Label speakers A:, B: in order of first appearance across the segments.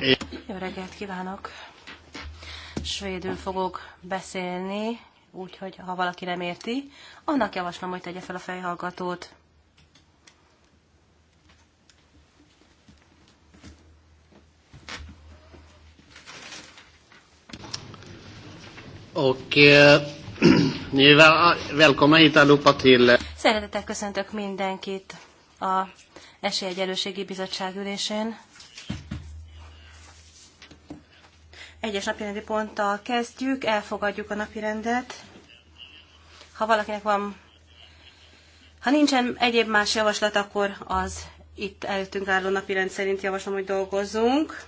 A: Eh.
B: Jó reggelt kívánok! Svédül fogok beszélni, úgyhogy ha valaki nem érti, annak javaslom, hogy tegye fel a fejhallgatót.
A: Eh, ah, eh?
B: Szeretettel köszöntök mindenkit a Esélyegyelőségi Bizottság ülésén. Egyes napirendi ponttal kezdjük, elfogadjuk a napirendet. Ha valakinek van, ha nincsen egyéb más javaslat, akkor az itt előttünk álló napirend szerint javaslom, hogy dolgozzunk.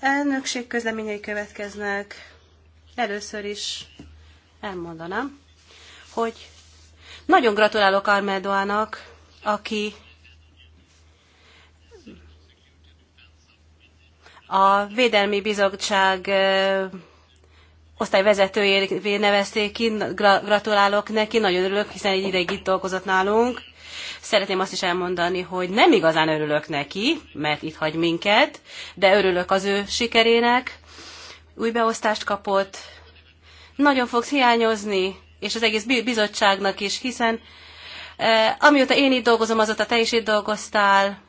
B: Elnökség közleményei következnek. Először is elmondanám, hogy nagyon gratulálok Armeldoának, aki A Védelmi Bizottság osztályvezetőjévé nevezték ki, gratulálok neki, nagyon örülök, hiszen egy ideig itt dolgozott nálunk. Szeretném azt is elmondani, hogy nem igazán örülök neki, mert itt hagy minket, de örülök az ő sikerének. Új beosztást kapott, nagyon fogsz hiányozni, és az egész bizottságnak is, hiszen eh, amióta én itt dolgozom, azóta te is itt dolgoztál,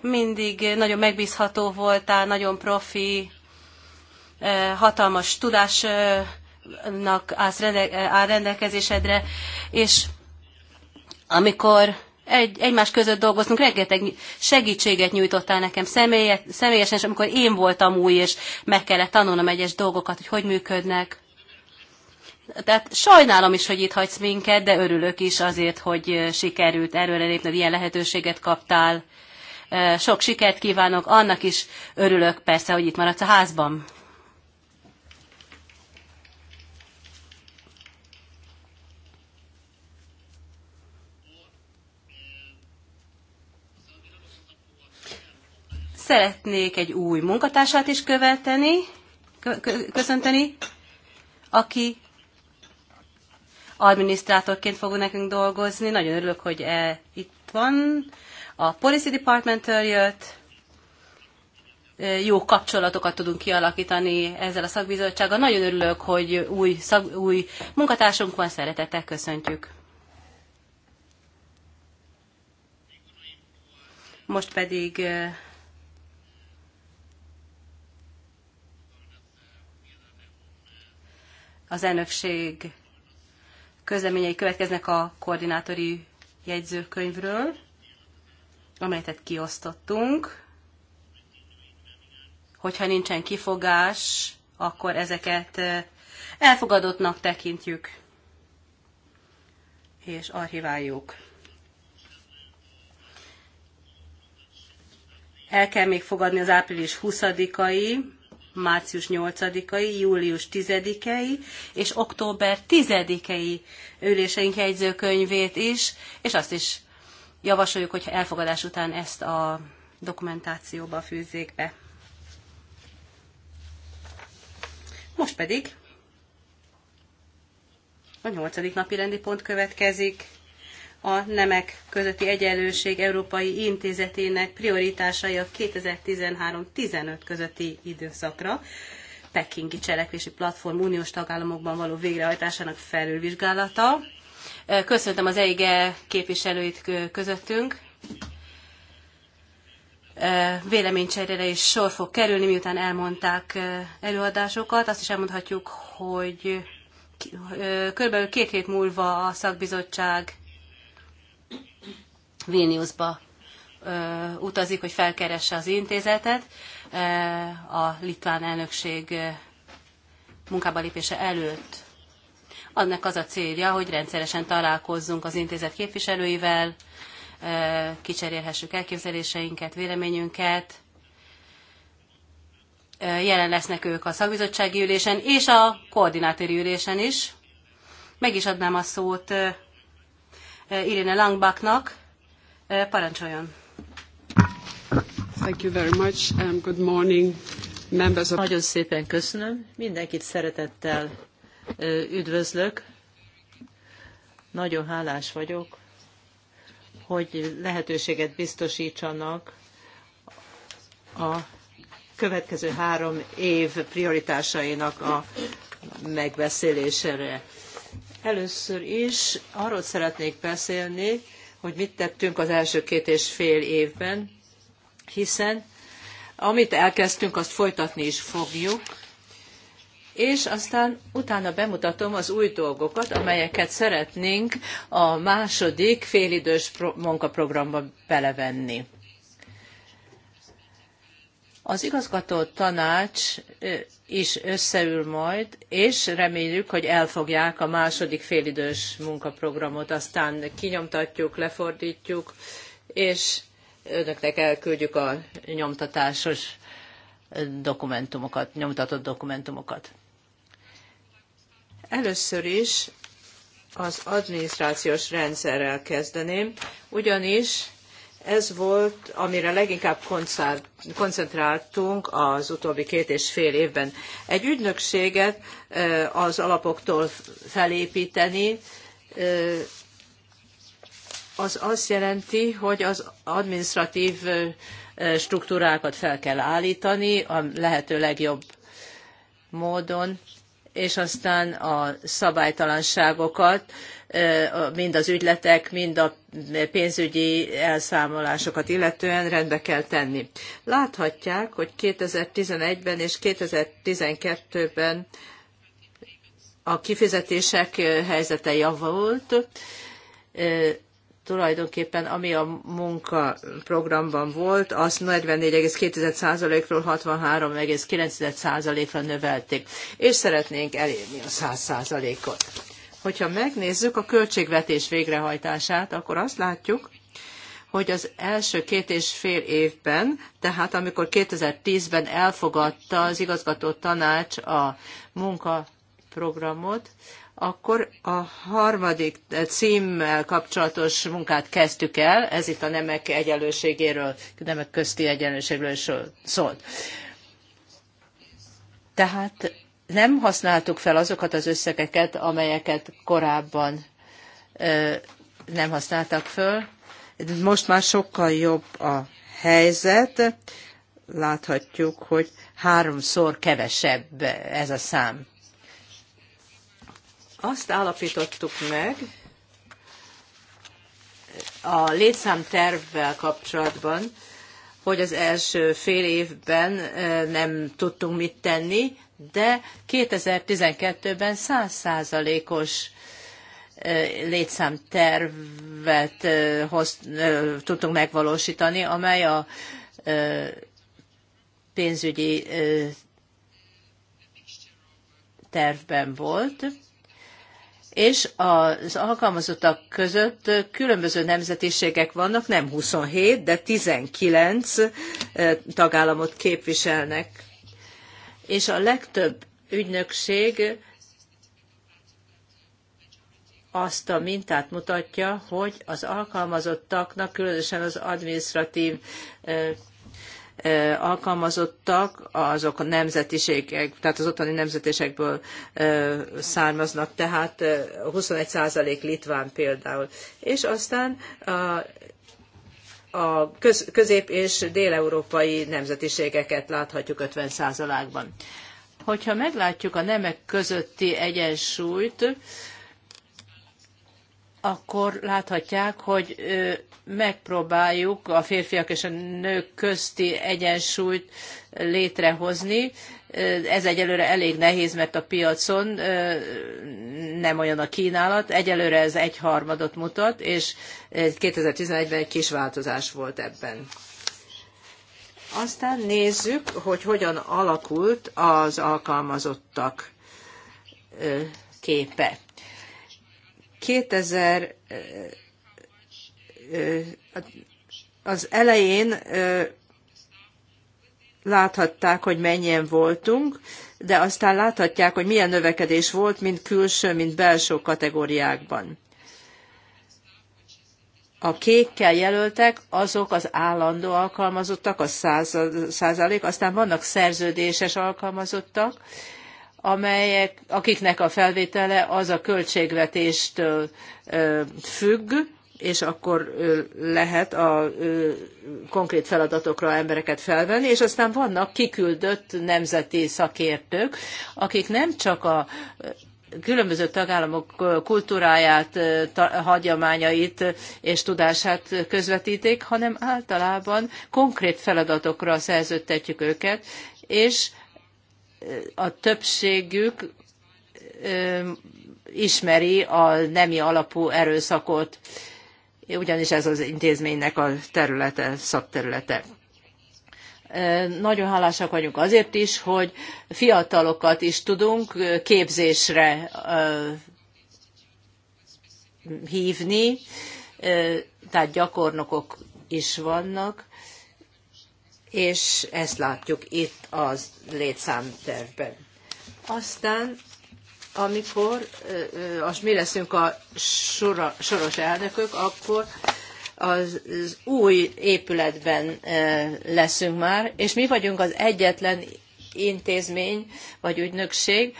B: mindig nagyon megbízható voltál, nagyon profi, eh, hatalmas tudásnak áll rendelkezésedre, és amikor egy, egymás között dolgoztunk, rengeteg segítséget nyújtottál nekem személye, személyesen, és amikor én voltam új, és meg kellett tanulnom egyes dolgokat, hogy hogy működnek. Tehát sajnálom is, hogy itt hagysz minket, de örülök is azért, hogy sikerült erőre lépned, ilyen lehetőséget kaptál sok sikert kívánok, annak is örülök persze, hogy itt maradsz a házban. Szeretnék egy új munkatársát is követeni, köszönteni, aki adminisztrátorként fog nekünk dolgozni. Nagyon örülök, hogy e, itt van a Policy Department-től jött, jó kapcsolatokat tudunk kialakítani ezzel a szakbizottsággal. Nagyon örülök, hogy új, szak, új munkatársunk van, szeretettel köszöntjük. Most pedig az elnökség közleményei következnek a koordinátori jegyzőkönyvről amelyet kiosztottunk. Hogyha nincsen kifogás, akkor ezeket elfogadottnak tekintjük és archiváljuk. El kell még fogadni az április 20-ai, március 8-ai, július 10-ei és október 10-ei üléseink jegyzőkönyvét is, és azt is javasoljuk, hogy elfogadás után ezt a dokumentációba fűzzék be. Most pedig a nyolcadik napi rendi pont következik. A Nemek Közötti Egyenlőség Európai Intézetének prioritásai a 2013-15 közötti időszakra. Pekingi Cselekvési Platform uniós tagállamokban való végrehajtásának felülvizsgálata Köszöntöm az EIGE képviselőit közöttünk. Véleménycserére is sor fog kerülni, miután elmondták előadásokat. Azt is elmondhatjuk, hogy körülbelül két hét múlva a szakbizottság Vilniusba utazik, hogy felkeresse az intézetet a litván elnökség munkába lépése előtt. Annak az a célja, hogy rendszeresen találkozzunk az intézet képviselőivel, kicserélhessük elképzeléseinket, véleményünket. Jelen lesznek ők a szakbizottsági ülésen és a koordinátori ülésen is. Meg is adnám a szót Irene Langbachnak. Parancsoljon! Thank you very much. Um, good morning, members of... Nagyon szépen köszönöm. Mindenkit szeretettel üdvözlök. Nagyon hálás
C: vagyok, hogy lehetőséget biztosítsanak a következő három év prioritásainak a megbeszélésére. Először is arról szeretnék beszélni, hogy mit tettünk az első két és fél évben, hiszen amit elkezdtünk, azt folytatni is fogjuk, és aztán utána bemutatom az új dolgokat, amelyeket szeretnénk a második félidős munkaprogramba belevenni. Az igazgató tanács is összeül majd, és reméljük, hogy elfogják a második félidős munkaprogramot, aztán kinyomtatjuk, lefordítjuk, és önöknek elküldjük a nyomtatásos dokumentumokat, nyomtatott dokumentumokat. Először is az adminisztrációs rendszerrel kezdeném, ugyanis ez volt, amire leginkább koncentráltunk az utóbbi két és fél évben. Egy ügynökséget az alapoktól felépíteni, az azt jelenti, hogy az administratív struktúrákat fel kell állítani a lehető legjobb módon, és aztán a szabálytalanságokat, mind az ügyletek, mind a pénzügyi elszámolásokat illetően rendbe kell tenni. Láthatják, hogy 2011-ben és 2012-ben a kifizetések helyzete javult, tulajdonképpen ami a munkaprogramban volt, azt 44,2%-ról 63,9%-ra növelték, és szeretnénk elérni a 100%-ot. Hogyha megnézzük a költségvetés végrehajtását, akkor azt látjuk, hogy az első két és fél évben, tehát amikor 2010-ben elfogadta az igazgató tanács a munkaprogramot, akkor a harmadik címmel kapcsolatos munkát kezdtük el, ez itt a nemek egyenlőségéről, nemek közti egyenlőségről is szólt. Tehát nem használtuk fel azokat az összegeket, amelyeket korábban nem használtak föl. Most már sokkal jobb a helyzet. Láthatjuk, hogy háromszor kevesebb ez a szám azt állapítottuk meg a létszámtervvel kapcsolatban, hogy az első fél évben nem tudtunk mit tenni, de 2012-ben 100%-os létszámtervet hoz, tudtunk megvalósítani, amely a pénzügyi tervben volt és az alkalmazottak között különböző nemzetiségek vannak, nem 27, de 19 eh, tagállamot képviselnek. És a legtöbb ügynökség azt a mintát mutatja, hogy az alkalmazottaknak, különösen az administratív eh, alkalmazottak, azok a nemzetiségek, tehát az ottani nemzetiségekből származnak, tehát 21 százalék litván például. És aztán a, a köz, közép- és déleurópai nemzetiségeket láthatjuk 50 ban Hogyha meglátjuk a nemek közötti egyensúlyt, akkor láthatják, hogy megpróbáljuk a férfiak és a nők közti egyensúlyt létrehozni. Ez egyelőre elég nehéz, mert a piacon nem olyan a kínálat. Egyelőre ez egy harmadot mutat, és 2011-ben egy kis változás volt ebben. Aztán nézzük, hogy hogyan alakult az alkalmazottak képe 2000 az elején láthatták, hogy mennyien voltunk, de aztán láthatják, hogy milyen növekedés volt, mind külső, mind belső kategóriákban. A kékkel jelöltek, azok az állandó alkalmazottak, a százalék, aztán vannak szerződéses alkalmazottak, amelyek, akiknek a felvétele az a költségvetéstől függ, és akkor lehet a konkrét feladatokra embereket felvenni, és aztán vannak kiküldött nemzeti szakértők, akik nem csak a különböző tagállamok kultúráját, hagyományait és tudását közvetítik, hanem általában konkrét feladatokra szerződtetjük őket, és a többségük ismeri a nemi alapú erőszakot, ugyanis ez az intézménynek a területe, szakterülete. Nagyon hálásak vagyunk azért is, hogy fiatalokat is tudunk képzésre hívni, tehát gyakornokok is vannak, és ezt látjuk itt az létszámtervben. Aztán, amikor az mi leszünk a soros elnökök, akkor az, új épületben leszünk már, és mi vagyunk az egyetlen intézmény vagy ügynökség,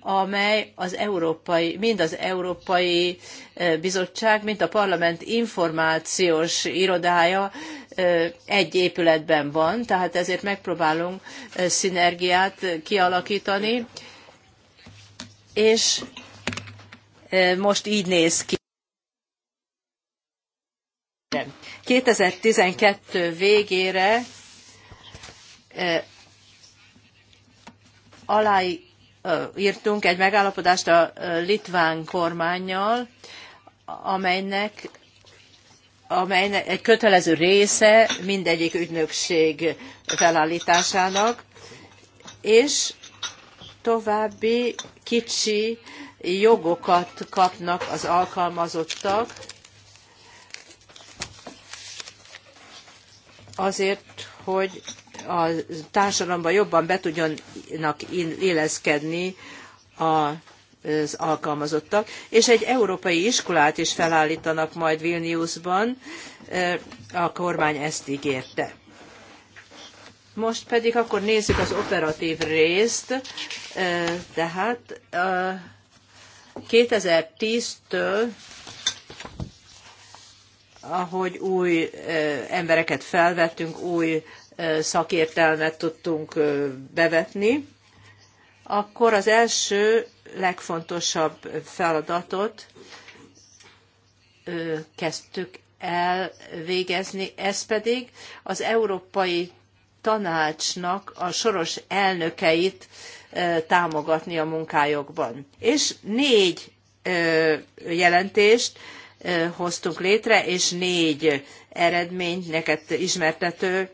C: amely az európai, mind az Európai eh, Bizottság, mind a Parlament információs irodája eh, egy épületben van, tehát ezért megpróbálunk eh, szinergiát kialakítani, és most így néz ki. 2012 végére alá írtunk egy megállapodást a litván kormányjal, amelynek, amelynek egy kötelező része mindegyik ügynökség felállításának, és további kicsi jogokat kapnak az alkalmazottak azért, hogy a társadalomban jobban be tudjanak illeszkedni a az alkalmazottak, és egy európai iskolát is felállítanak majd Vilniusban, a kormány ezt ígérte. Most pedig akkor nézzük az operatív részt, tehát 2010-től, ahogy új embereket felvettünk, új szakértelmet tudtunk bevetni, akkor az első legfontosabb feladatot kezdtük el végezni, ez pedig az Európai Tanácsnak a soros elnökeit támogatni a munkájukban. És négy jelentést hoztunk létre, és négy eredményt, neked ismertető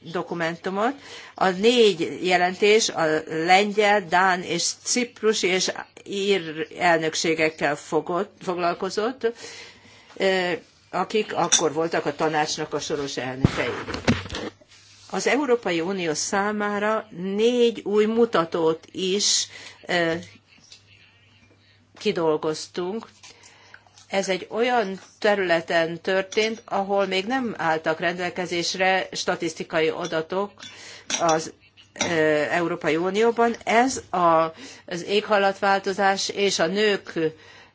C: dokumentumot. A négy jelentés a lengyel, dán és ciprusi és ír elnökségekkel fogott, foglalkozott, akik akkor voltak a tanácsnak a soros elnökei. Az Európai Unió számára négy új mutatót is kidolgoztunk, ez egy olyan területen történt, ahol még nem álltak rendelkezésre statisztikai adatok az e, Európai Unióban. Ez a, az éghajlatváltozás és a nők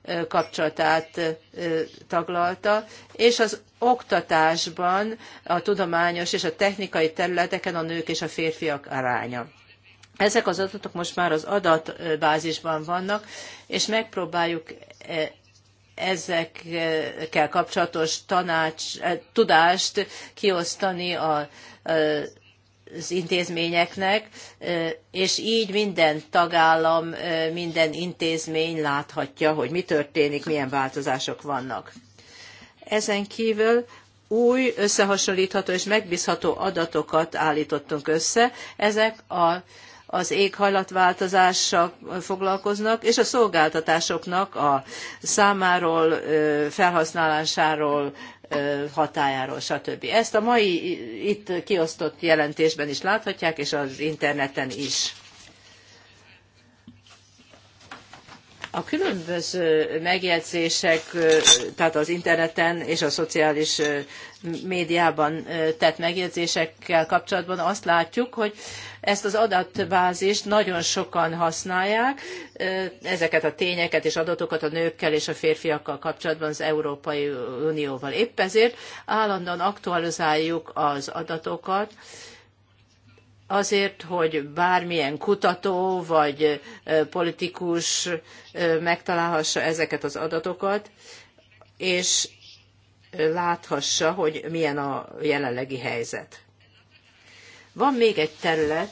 C: e, kapcsolatát e, taglalta, és az oktatásban, a tudományos és a technikai területeken a nők és a férfiak aránya. Ezek az adatok most már az adatbázisban vannak, és megpróbáljuk eh, ezekkel kapcsolatos tanács, eh, tudást kiosztani a, eh, az intézményeknek, és így minden tagállam, minden intézmény láthatja, hogy mi történik, milyen változások vannak. Ezen kívül új, összehasonlítható és megbízható adatokat állítottunk össze. Ezek a az éghajlatváltozással foglalkoznak, és a szolgáltatásoknak a számáról, felhasználásáról, hatájáról, stb. Ezt a mai itt kiosztott jelentésben is láthatják, és az interneten is. A különböző megjegyzések, tehát az interneten és a szociális médiában tett megjegyzésekkel kapcsolatban azt látjuk, hogy ezt az adatbázist nagyon sokan használják, ezeket a tényeket és adatokat a nőkkel és a férfiakkal kapcsolatban az Európai Unióval. Épp ezért állandóan aktualizáljuk az adatokat, azért, hogy bármilyen kutató vagy politikus megtalálhassa ezeket az adatokat, és láthassa, hogy milyen a jelenlegi helyzet. Van még egy terület,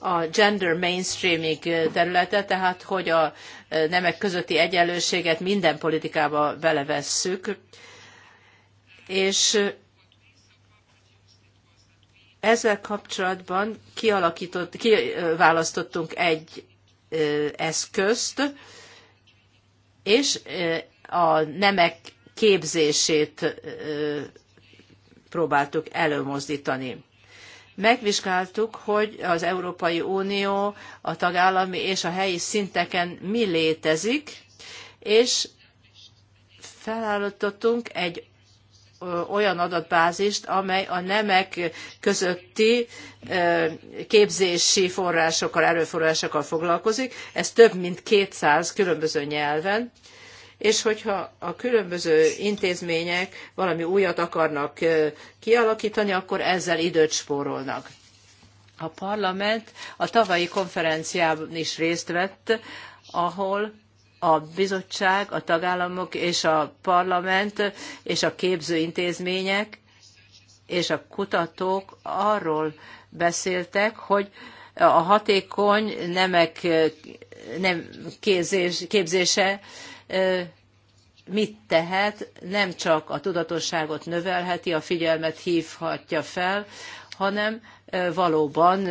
C: a gender mainstreaming területe, tehát hogy a nemek közötti egyenlőséget minden politikába belevesszük, és ezzel kapcsolatban kialakított, kiválasztottunk egy eszközt, és a nemek képzését próbáltuk előmozdítani. Megvizsgáltuk, hogy az Európai Unió, a tagállami és a helyi szinteken mi létezik, és felállítottunk egy olyan adatbázist, amely a nemek közötti képzési forrásokkal, erőforrásokkal foglalkozik. Ez több mint 200 különböző nyelven és hogyha a különböző intézmények valami újat akarnak kialakítani, akkor ezzel időt spórolnak. A parlament a tavalyi konferenciában is részt vett, ahol a bizottság, a tagállamok és a parlament és a képzőintézmények és a kutatók arról beszéltek, hogy a hatékony nemek nem képzés, képzése mit tehet, nem csak a tudatosságot növelheti, a figyelmet hívhatja fel, hanem valóban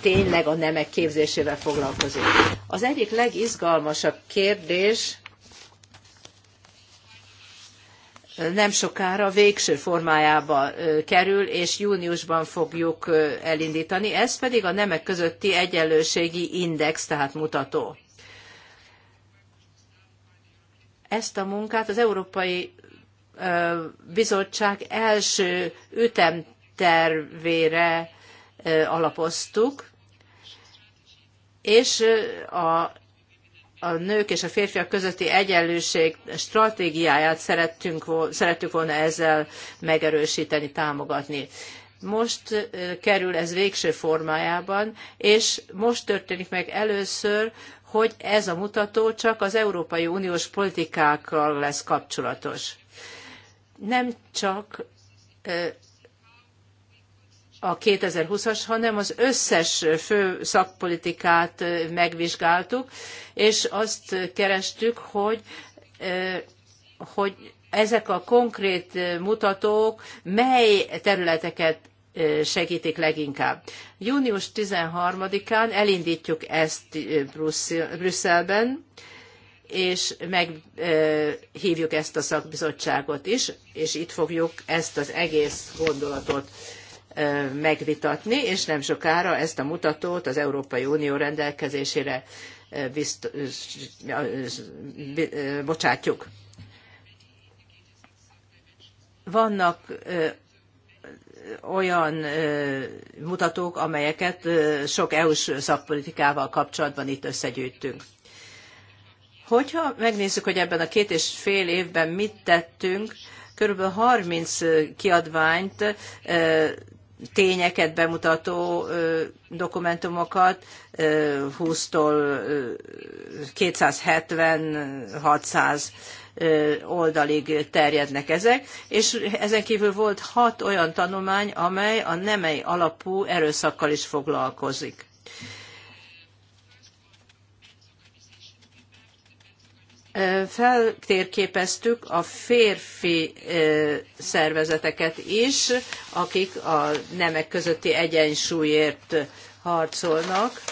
C: tényleg a nemek képzésével foglalkozik. Az egyik legizgalmasabb kérdés nem sokára végső formájába kerül, és júniusban fogjuk elindítani. Ez pedig a nemek közötti egyenlőségi index, tehát mutató. Ezt a munkát az Európai Bizottság első ütem tervére alapoztuk, és a a nők és a férfiak közötti egyenlőség stratégiáját szerettünk, szerettük volna ezzel megerősíteni, támogatni. Most kerül ez végső formájában, és most történik meg először, hogy ez a mutató csak az Európai Uniós politikákkal lesz kapcsolatos. Nem csak a 2020-as, hanem az összes fő szakpolitikát megvizsgáltuk, és azt kerestük, hogy, hogy ezek a konkrét mutatók mely területeket segítik leginkább. Június 13-án elindítjuk ezt Brüsszelben, és meghívjuk ezt a szakbizottságot is, és itt fogjuk ezt az egész gondolatot megvitatni, és nem sokára ezt a mutatót az Európai Unió rendelkezésére bizt, bocsátjuk. Vannak olyan mutatók, amelyeket sok EU-s szakpolitikával kapcsolatban itt összegyűjtünk. Hogyha megnézzük, hogy ebben a két és fél évben mit tettünk, körülbelül 30 kiadványt tényeket bemutató dokumentumokat 20-tól 270-600 oldalig terjednek ezek, és ezen kívül volt hat olyan tanulmány, amely a nemei alapú erőszakkal is foglalkozik. feltérképeztük a férfi szervezeteket is, akik a nemek közötti egyensúlyért harcolnak,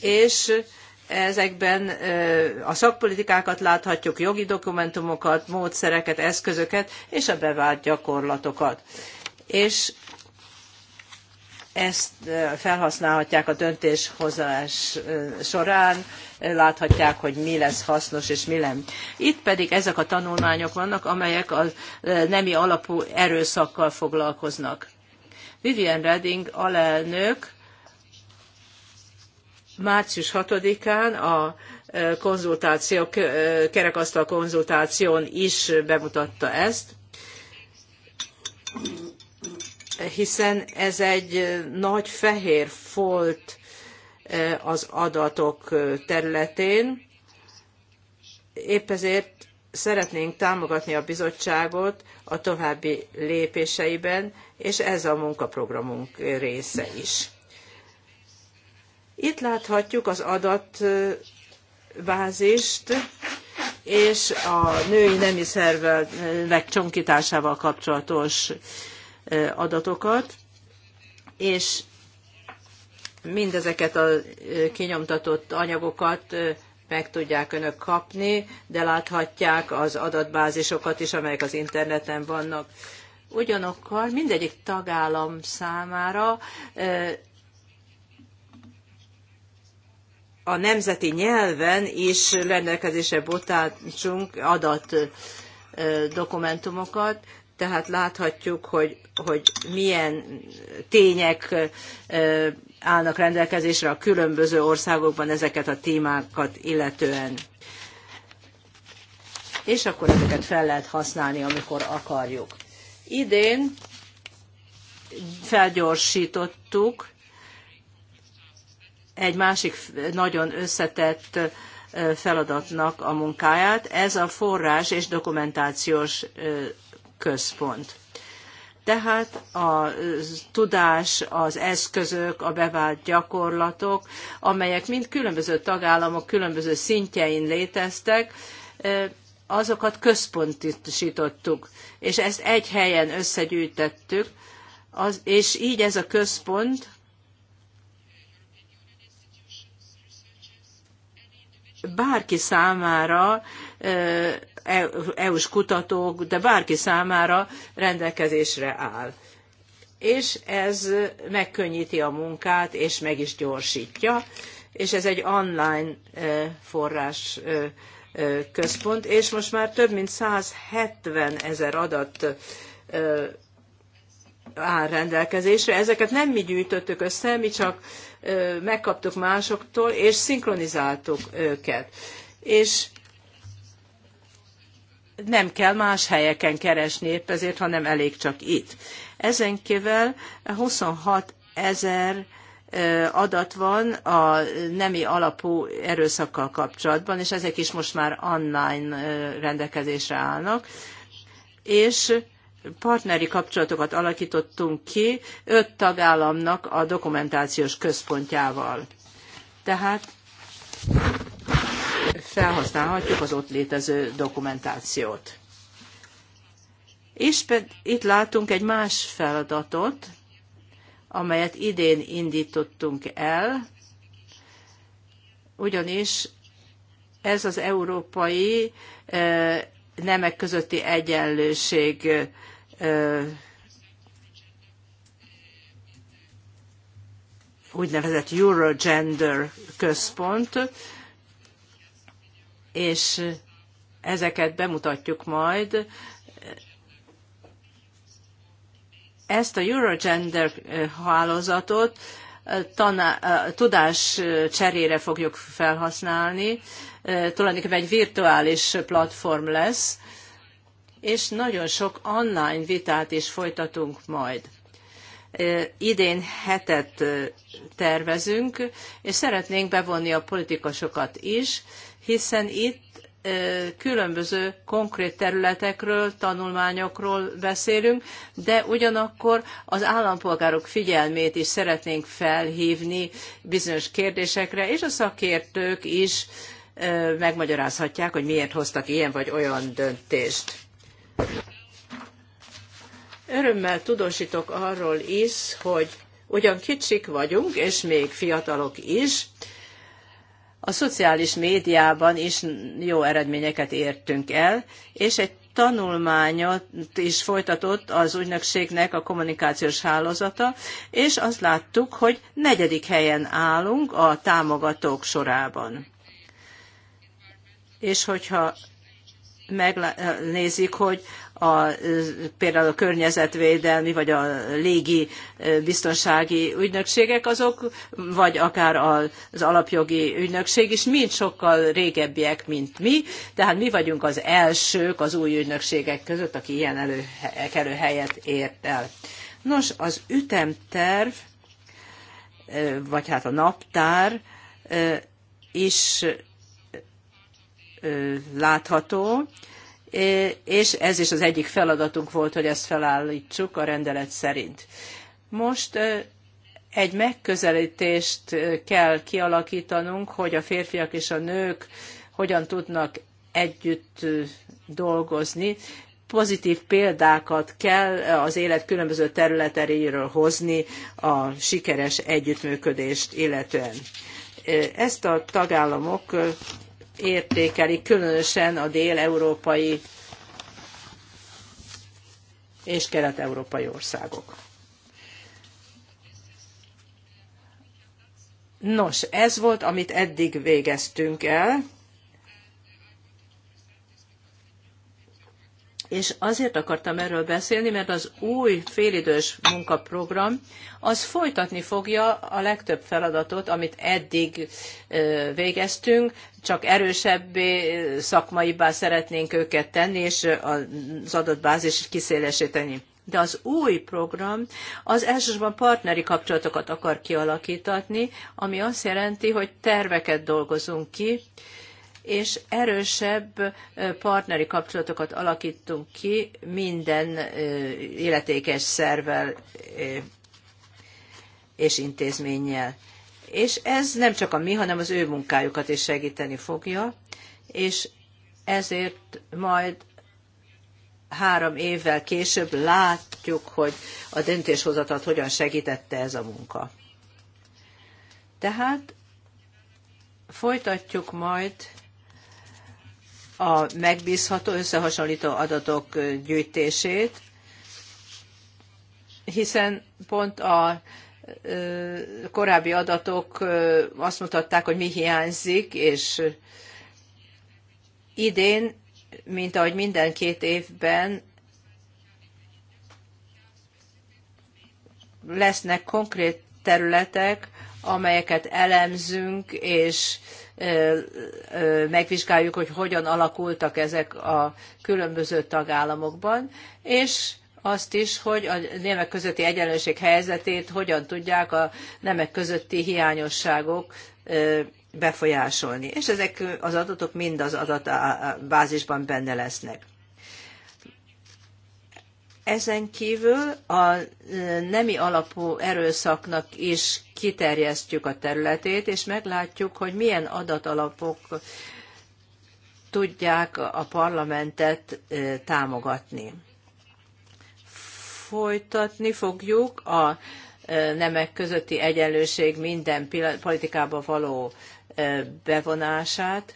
C: és ezekben a szakpolitikákat láthatjuk, jogi dokumentumokat, módszereket, eszközöket és a bevált gyakorlatokat. És ezt felhasználhatják a döntéshozás során, láthatják, hogy mi lesz hasznos és mi nem. Itt pedig ezek a tanulmányok vannak, amelyek a nemi alapú erőszakkal foglalkoznak. Vivian Redding alelnök március 6-án a konzultáció, kerekasztal konzultáción is bemutatta ezt hiszen ez egy nagy fehér folt az adatok területén. Épp ezért szeretnénk támogatni a bizottságot a további lépéseiben, és ez a munkaprogramunk része is. Itt láthatjuk az adatbázist, és a női nemi szervek csonkításával kapcsolatos adatokat, és mindezeket a kinyomtatott anyagokat meg tudják önök kapni, de láthatják az adatbázisokat is, amelyek az interneten vannak. Ugyanakkor mindegyik tagállam számára a nemzeti nyelven is rendelkezésre botátsunk adat dokumentumokat, tehát láthatjuk, hogy, hogy milyen tények állnak rendelkezésre a különböző országokban ezeket a témákat illetően. És akkor ezeket fel lehet használni, amikor akarjuk. Idén felgyorsítottuk egy másik nagyon összetett feladatnak a munkáját. Ez a forrás és dokumentációs központ. Tehát a tudás, az eszközök, a bevált gyakorlatok, amelyek mind különböző tagállamok különböző szintjein léteztek, azokat központosítottuk, és ezt egy helyen összegyűjtettük, az, és így ez a központ bárki számára EU-s kutatók, de bárki számára rendelkezésre áll. És ez megkönnyíti a munkát, és meg is gyorsítja, és ez egy online e, forrás e, e, központ, és most már több mint 170 ezer adat áll rendelkezésre. Ezeket nem mi gyűjtöttük össze, mi csak megkaptuk másoktól, és szinkronizáltuk őket. És nem kell más helyeken keresni épp ezért, hanem elég csak itt. Ezen Ezenkivel 26 ezer adat van a nemi alapú erőszakkal kapcsolatban, és ezek is most már online rendelkezésre állnak, és partneri kapcsolatokat alakítottunk ki öt tagállamnak a dokumentációs központjával. Tehát felhasználhatjuk az ott létező dokumentációt. És itt látunk egy más feladatot, amelyet idén indítottunk el, ugyanis ez az európai e, nemek közötti egyenlőség e, úgynevezett Eurogender központ, és ezeket bemutatjuk majd. Ezt a Eurogender eh, hálózatot eh, eh, tudás cserére fogjuk felhasználni. Tulajdonképpen egy virtuális platform lesz, és nagyon sok online vitát is folytatunk majd. Idén hetet tervezünk, és szeretnénk bevonni a politikusokat is, hiszen itt különböző konkrét területekről, tanulmányokról beszélünk, de ugyanakkor az állampolgárok figyelmét is szeretnénk felhívni bizonyos kérdésekre, és a szakértők is megmagyarázhatják, hogy miért hoztak ilyen vagy olyan döntést. Örömmel tudósítok arról is, hogy ugyan kicsik vagyunk, és még fiatalok is, a szociális médiában is jó eredményeket értünk el, és egy tanulmányot is folytatott az ügynökségnek a kommunikációs hálózata, és azt láttuk, hogy negyedik helyen állunk a támogatók sorában. És hogyha megnézik, hogy a, például a környezetvédelmi vagy a légi biztonsági ügynökségek azok, vagy akár az alapjogi ügynökség is mind sokkal régebbiek, mint mi, tehát mi vagyunk az elsők az új ügynökségek között, aki ilyen előkelő helyet ért el. Nos, az ütemterv, vagy hát a naptár is látható, és ez is az egyik feladatunk volt, hogy ezt felállítsuk a rendelet szerint. Most egy megközelítést kell kialakítanunk, hogy a férfiak és a nők hogyan tudnak együtt dolgozni. Pozitív példákat kell az élet különböző területeiről hozni a sikeres együttműködést illetően. Ezt a tagállamok értékeli, különösen a dél-európai és kelet-európai országok. Nos, ez volt, amit eddig végeztünk el És azért akartam erről beszélni, mert az új félidős munkaprogram az folytatni fogja a legtöbb feladatot, amit eddig végeztünk, csak erősebbé, szakmaibbá szeretnénk őket tenni, és az adott bázis kiszélesíteni. De az új program az elsősorban partneri kapcsolatokat akar kialakítani, ami azt jelenti, hogy terveket dolgozunk ki, és erősebb partneri kapcsolatokat alakítunk ki minden illetékes szervel és intézménnyel. És ez nem csak a mi, hanem az ő munkájukat is segíteni fogja, és ezért majd három évvel később látjuk, hogy a döntéshozatat hogyan segítette ez a munka. Tehát folytatjuk majd a megbízható összehasonlító adatok gyűjtését, hiszen pont a korábbi adatok azt mutatták, hogy mi hiányzik, és idén, mint ahogy minden két évben, lesznek konkrét területek, amelyeket elemzünk, és megvizsgáljuk, hogy hogyan alakultak ezek a különböző tagállamokban, és azt is, hogy a nemek közötti egyenlőség helyzetét hogyan tudják a nemek közötti hiányosságok befolyásolni. És ezek az adatok mind az adatbázisban benne lesznek. Ezen kívül a nemi alapú erőszaknak is kiterjesztjük a területét, és meglátjuk, hogy milyen adatalapok tudják a parlamentet támogatni. Folytatni fogjuk a nemek közötti egyenlőség minden politikába való bevonását,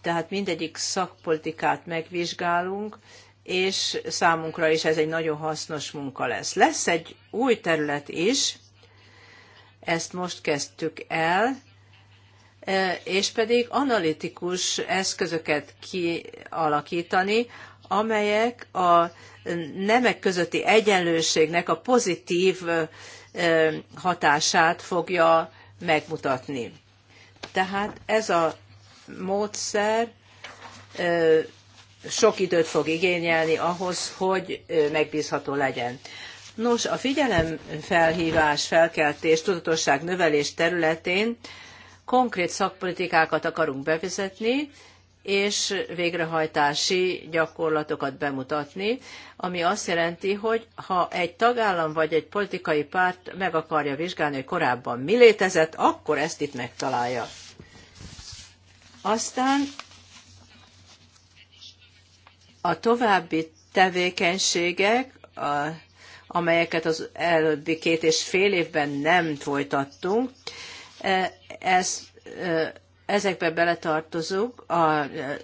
C: tehát mindegyik szakpolitikát megvizsgálunk, és számunkra is ez egy nagyon hasznos munka lesz. Lesz egy új terület is, ezt most kezdtük el, e, és pedig analitikus eszközöket kialakítani, amelyek a nemek közötti egyenlőségnek a pozitív e, hatását fogja megmutatni. Tehát ez a módszer e, sok időt fog igényelni ahhoz, hogy megbízható legyen. Nos, a figyelemfelhívás, felkeltés, tudatosság növelés területén konkrét szakpolitikákat akarunk bevezetni, és végrehajtási gyakorlatokat bemutatni, ami azt jelenti, hogy ha egy tagállam vagy egy politikai párt meg akarja vizsgálni, hogy korábban mi létezett, akkor ezt itt megtalálja. Aztán a további tevékenységek, a, amelyeket az előbbi két és fél évben nem folytattunk, e, ez, e, ezekbe beletartozunk a e,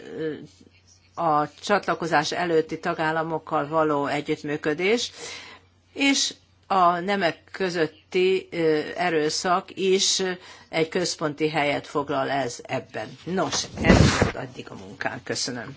C: a csatlakozás előtti tagállamokkal való együttműködés, és a nemek közötti erőszak is egy központi helyet foglal ez ebben. Nos, ez addig a munkán. Köszönöm.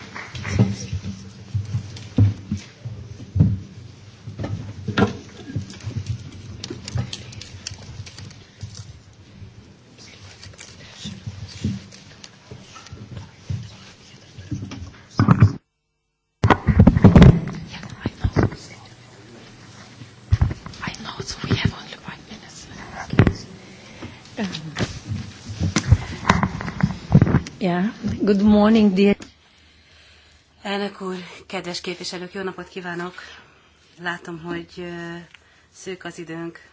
C: Good morning, dear.
B: Elnök úr, kedves képviselők, jó napot kívánok! Látom, hogy szűk az időnk.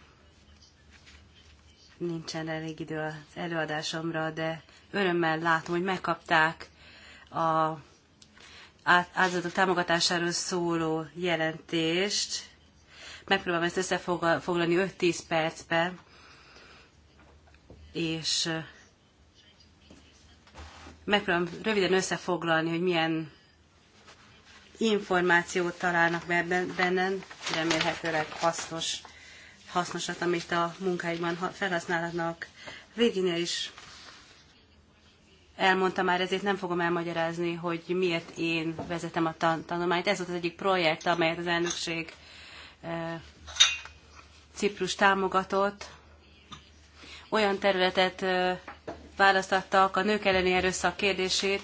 B: Nincsen elég idő az előadásomra, de örömmel látom, hogy megkapták a áldozatok támogatásáról szóló jelentést. Megpróbálom ezt összefoglalni 5-10 percbe, és Megpróbálom röviden összefoglalni, hogy milyen információt találnak bennem, remélhetőleg hasznos, hasznosat, amit a munkáikban felhasználhatnak. Virginia is elmondta már, ezért nem fogom elmagyarázni, hogy miért én vezetem a tan- tanulmányt. Ez volt az egyik projekt, amelyet az elnökség e, Ciprus támogatott. Olyan területet eh, választattak a nők elleni erőszak kérdését,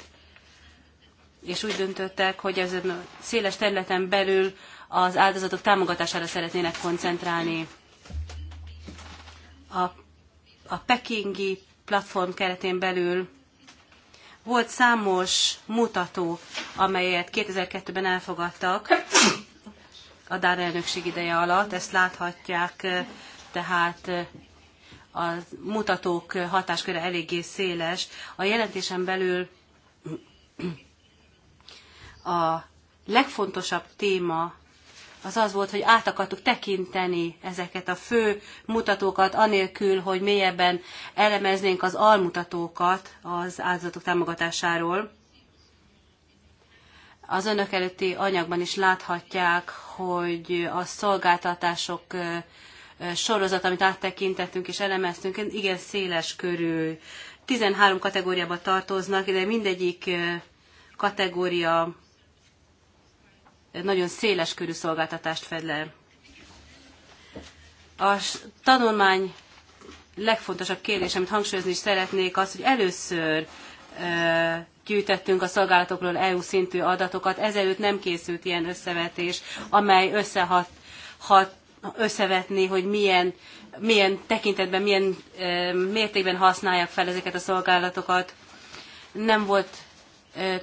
B: és úgy döntöttek, hogy ezen a széles területen belül az áldozatok támogatására szeretnének koncentrálni. A, a pekingi platform keretén belül volt számos mutató, amelyet 2002-ben elfogadtak a Dán elnökség ideje alatt. Ezt láthatják eh, tehát eh, a mutatók hatásköre eléggé széles. A jelentésen belül a legfontosabb téma az az volt, hogy át akartuk tekinteni ezeket a fő mutatókat, anélkül, hogy mélyebben elemeznénk az almutatókat az áldozatok támogatásáról. Az önök előtti anyagban is láthatják, hogy a szolgáltatások sorozat, amit áttekintettünk és elemeztünk, igen széles körű. 13 kategóriába tartoznak, de mindegyik kategória nagyon széles körű szolgáltatást fed le. A tanulmány legfontosabb kérdés, amit hangsúlyozni is szeretnék, az, hogy először gyűjtettünk a szolgálatokról EU szintű adatokat, ezelőtt nem készült ilyen összevetés, amely összehat hat, összevetni, hogy milyen, milyen tekintetben, milyen mértékben használják fel ezeket a szolgálatokat. Nem volt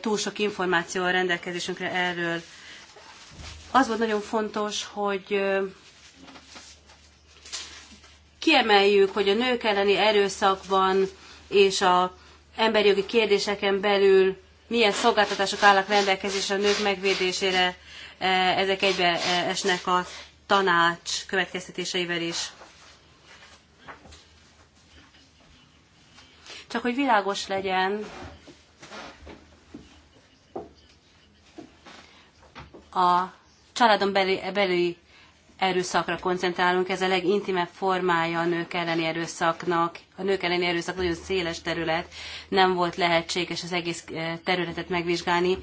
B: túl sok információ a rendelkezésünkre erről. Az volt nagyon fontos, hogy kiemeljük, hogy a nők elleni erőszakban és a emberi jogi kérdéseken belül milyen szolgáltatások állnak rendelkezésre a nők megvédésére, ezek egybe esnek a tanács következtetéseivel is. Csak hogy világos legyen, a családon belüli erőszakra koncentrálunk, ez a legintimebb formája a nők elleni erőszaknak. A nők elleni erőszak nagyon széles terület, nem volt lehetséges az egész eh, területet megvizsgálni.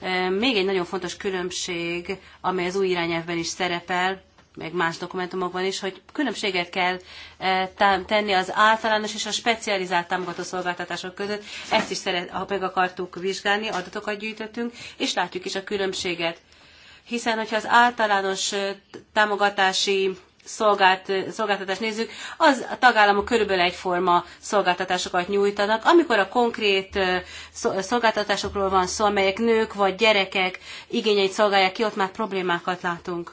B: Eh, még egy nagyon fontos különbség, amely az új irányelvben is szerepel, meg más dokumentumokban is, hogy különbséget kell eh, tenni az általános és a specializált támogató szolgáltatások között. Ezt is szeret, ha meg akartuk vizsgálni, adatokat gyűjtöttünk, és látjuk is a különbséget hiszen hogyha az általános támogatási szolgált, szolgáltatást nézzük, az a tagállamok körülbelül egyforma szolgáltatásokat nyújtanak. Amikor a konkrét szolgáltatásokról van szó, amelyek nők vagy gyerekek igényeit szolgálják ki, ott már problémákat látunk.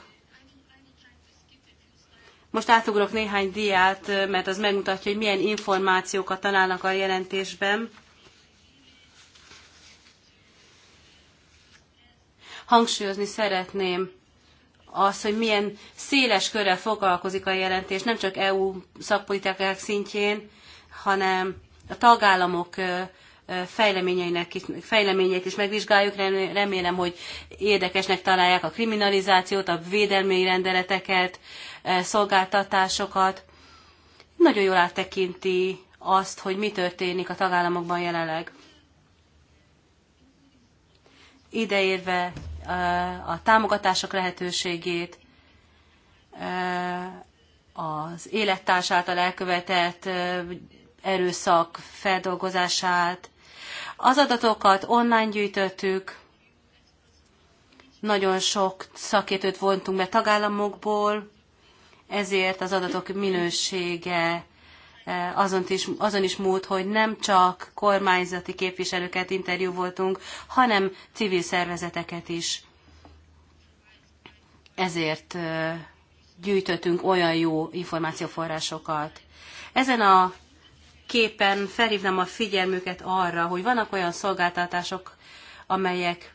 B: Most átugrok néhány diát, mert az megmutatja, hogy milyen információkat találnak a jelentésben. hangsúlyozni szeretném az, hogy milyen széles körrel foglalkozik a jelentés, nem csak EU szakpolitikák szintjén, hanem a tagállamok fejleményeinek, fejleményeit is megvizsgáljuk. Remélem, hogy érdekesnek találják a kriminalizációt, a védelmi rendeleteket, szolgáltatásokat. Nagyon jól áttekinti azt, hogy mi történik a tagállamokban jelenleg. Ideérve a támogatások lehetőségét, az élettárs által elkövetett erőszak feldolgozását. Az adatokat online gyűjtöttük, nagyon sok szakértőt vontunk be tagállamokból, ezért az adatok minősége Eh, azon is, azon is múlt, hogy nem csak kormányzati képviselőket interjúvoltunk, hanem civil szervezeteket is. Ezért eh, gyűjtöttünk olyan jó információforrásokat. Ezen a képen felhívnám a figyelmüket arra, hogy vannak olyan szolgáltatások, amelyek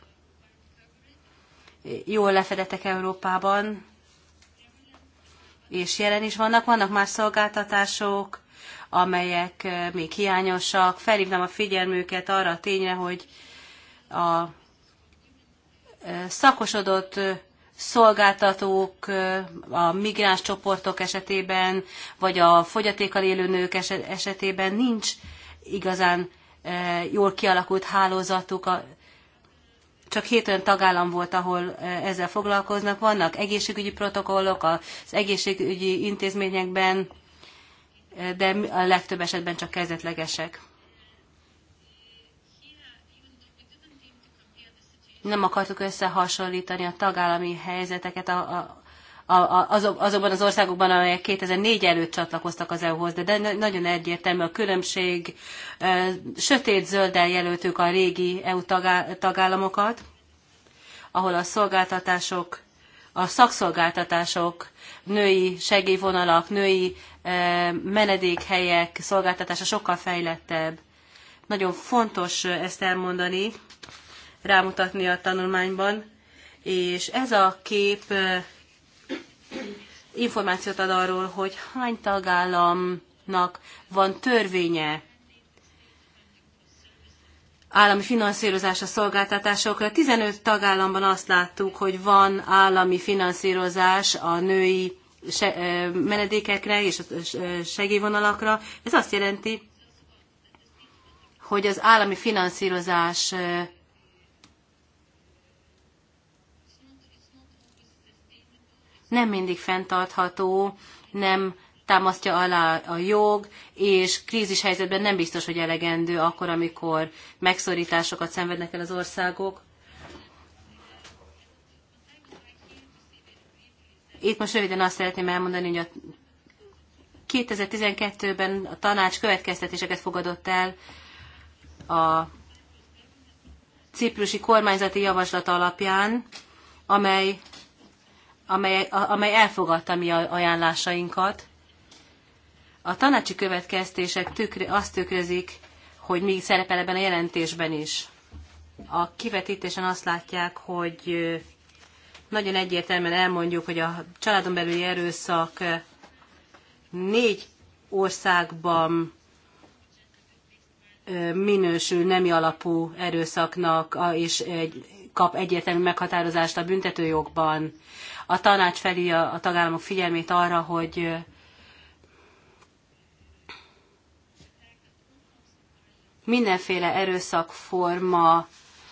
B: jól lefedettek Európában, és jelen is vannak. Vannak más szolgáltatások, amelyek eh, még hiányosak. Felhívnám a figyelmüket arra a tényre, hogy a eh, szakosodott eh, szolgáltatók, a migráns csoportok esetében, vagy a fogyatékkal élő nők esetében nincs igazán jól kialakult hálózatuk. Csak hét olyan tagállam volt, ahol ezzel foglalkoznak. Vannak egészségügyi protokollok az egészségügyi intézményekben, de a legtöbb esetben csak kezdetlegesek. Nem akartuk összehasonlítani a tagállami helyzeteket a, a, a, azokban az országokban, amelyek 2004 előtt csatlakoztak az EU-hoz, de, de nagyon egyértelmű a különbség. Sötét-zölddel jelöltük a régi EU tagá, tagállamokat, ahol a szolgáltatások, a szakszolgáltatások női segélyvonalak, női e, menedékhelyek szolgáltatása sokkal fejlettebb. Nagyon fontos ezt elmondani, rámutatni a tanulmányban, és ez a kép információt ad arról, hogy hány tagállamnak van törvénye állami finanszírozása szolgáltatásokra. 15 tagállamban azt láttuk, hogy van állami finanszírozás a női menedékekre és a segélyvonalakra. Ez azt jelenti, hogy az állami finanszírozás nem mindig fenntartható, nem támasztja alá a jog, és krízishelyzetben nem biztos, hogy elegendő akkor, amikor megszorításokat szenvednek el az országok. Itt most röviden azt szeretném elmondani, hogy a 2012-ben a tanács következtetéseket fogadott el a ciprusi kormányzati javaslat alapján, amely, amely, amely elfogadta mi ajánlásainkat. A tanácsi következtések tükri, azt tükrözik, hogy mi szerepel ebben a jelentésben is. A kivetítésen azt látják, hogy nagyon egyértelműen elmondjuk, hogy a családon belüli erőszak négy országban minősül nemi alapú erőszaknak, és egy, kap egyértelmű meghatározást a büntetőjogban. A tanács felé a, a tagállamok figyelmét arra, hogy mindenféle erőszakforma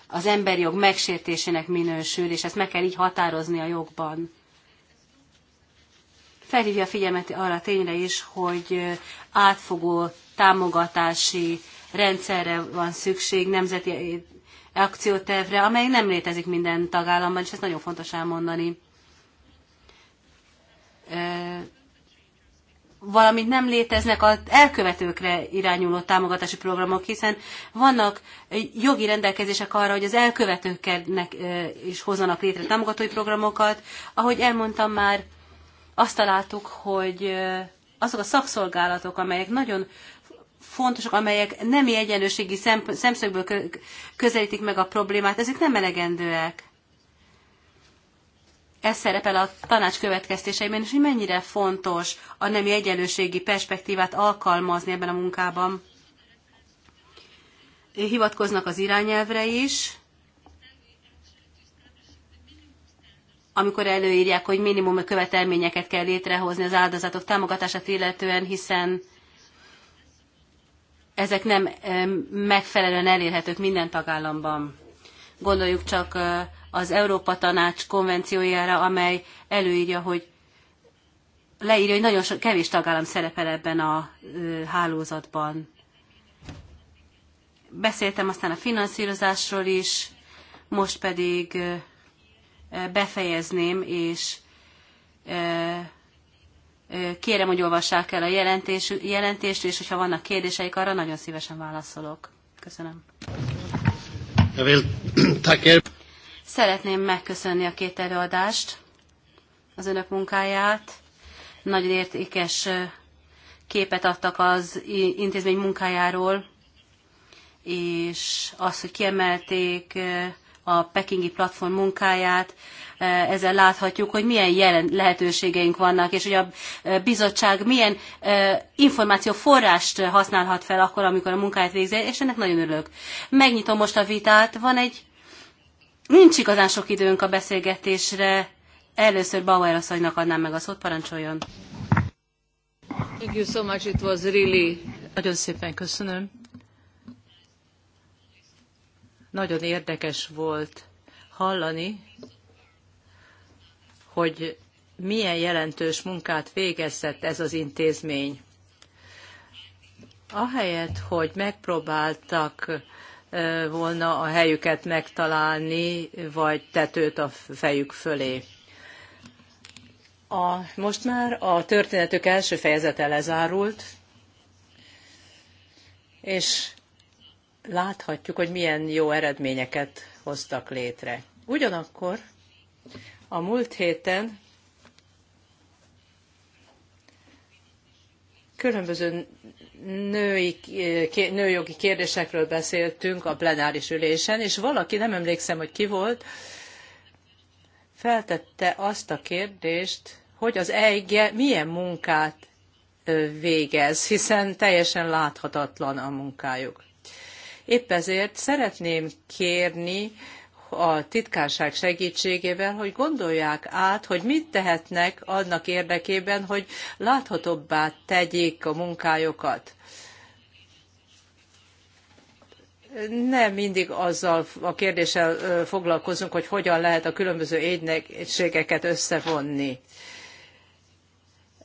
B: az emberi jog megsértésének minősül, és ezt meg kell így határozni a jogban. Felhívja a figyelmet arra a tényre is, hogy átfogó támogatási rendszerre van szükség, nemzeti akciótervre, amely nem létezik minden tagállamban, és ezt nagyon fontos elmondani valamint nem léteznek az elkövetőkre irányuló támogatási programok, hiszen vannak jogi rendelkezések arra, hogy az elkövetőknek is hozzanak létre támogatói programokat. Ahogy elmondtam már, azt találtuk, hogy azok a szakszolgálatok, amelyek nagyon fontosak, amelyek nemi egyenlőségi szemszögből közelítik meg a problémát, ezek nem elegendőek ez szerepel a tanács következtéseiben, és hogy mennyire fontos a nemi egyenlőségi perspektívát alkalmazni ebben a munkában. Hivatkoznak az irányelvre is, amikor előírják, hogy minimum követelményeket kell létrehozni az áldozatok támogatását illetően, hiszen ezek nem eh, megfelelően elérhetők minden tagállamban. Gondoljuk csak eh, az Európa Tanács konvenciójára, amely előírja, hogy leírja, hogy nagyon kevés tagállam szerepel ebben a hálózatban. Beszéltem aztán a finanszírozásról is, most pedig befejezném, és kérem, hogy olvassák el a jelentés, jelentést, és hogyha vannak kérdéseik, arra nagyon szívesen válaszolok. Köszönöm. Szeretném megköszönni a két előadást, az önök munkáját. Nagyon értékes képet adtak az intézmény munkájáról, és az, hogy kiemelték a pekingi platform munkáját, ezzel láthatjuk, hogy milyen jelen lehetőségeink vannak, és hogy a bizottság milyen információforrást használhat fel akkor, amikor a munkáját végzi, és ennek nagyon örülök. Megnyitom most a vitát, van egy Nincs igazán sok időnk a beszélgetésre. Először Bauer asszonynak adnám meg a szót, parancsoljon.
A: Thank you so much, it was really...
B: Nagyon szépen köszönöm.
C: Nagyon érdekes volt hallani, hogy milyen jelentős munkát végezett ez az intézmény. Ahelyett, hogy megpróbáltak volna a helyüket megtalálni, vagy tetőt a fejük fölé. A, most már a történetük első fejezete lezárult, és láthatjuk, hogy milyen jó eredményeket hoztak létre. Ugyanakkor a múlt héten különböző női, nőjogi kérdésekről beszéltünk a plenáris ülésen, és valaki, nem emlékszem, hogy ki volt, feltette azt a kérdést, hogy az EIGE milyen munkát végez, hiszen teljesen láthatatlan a munkájuk. Épp ezért szeretném kérni a titkárság segítségével, hogy gondolják át, hogy mit tehetnek annak érdekében, hogy láthatóbbá tegyék a munkájukat nem mindig azzal a kérdéssel foglalkozunk, hogy hogyan lehet a különböző egységeket összevonni.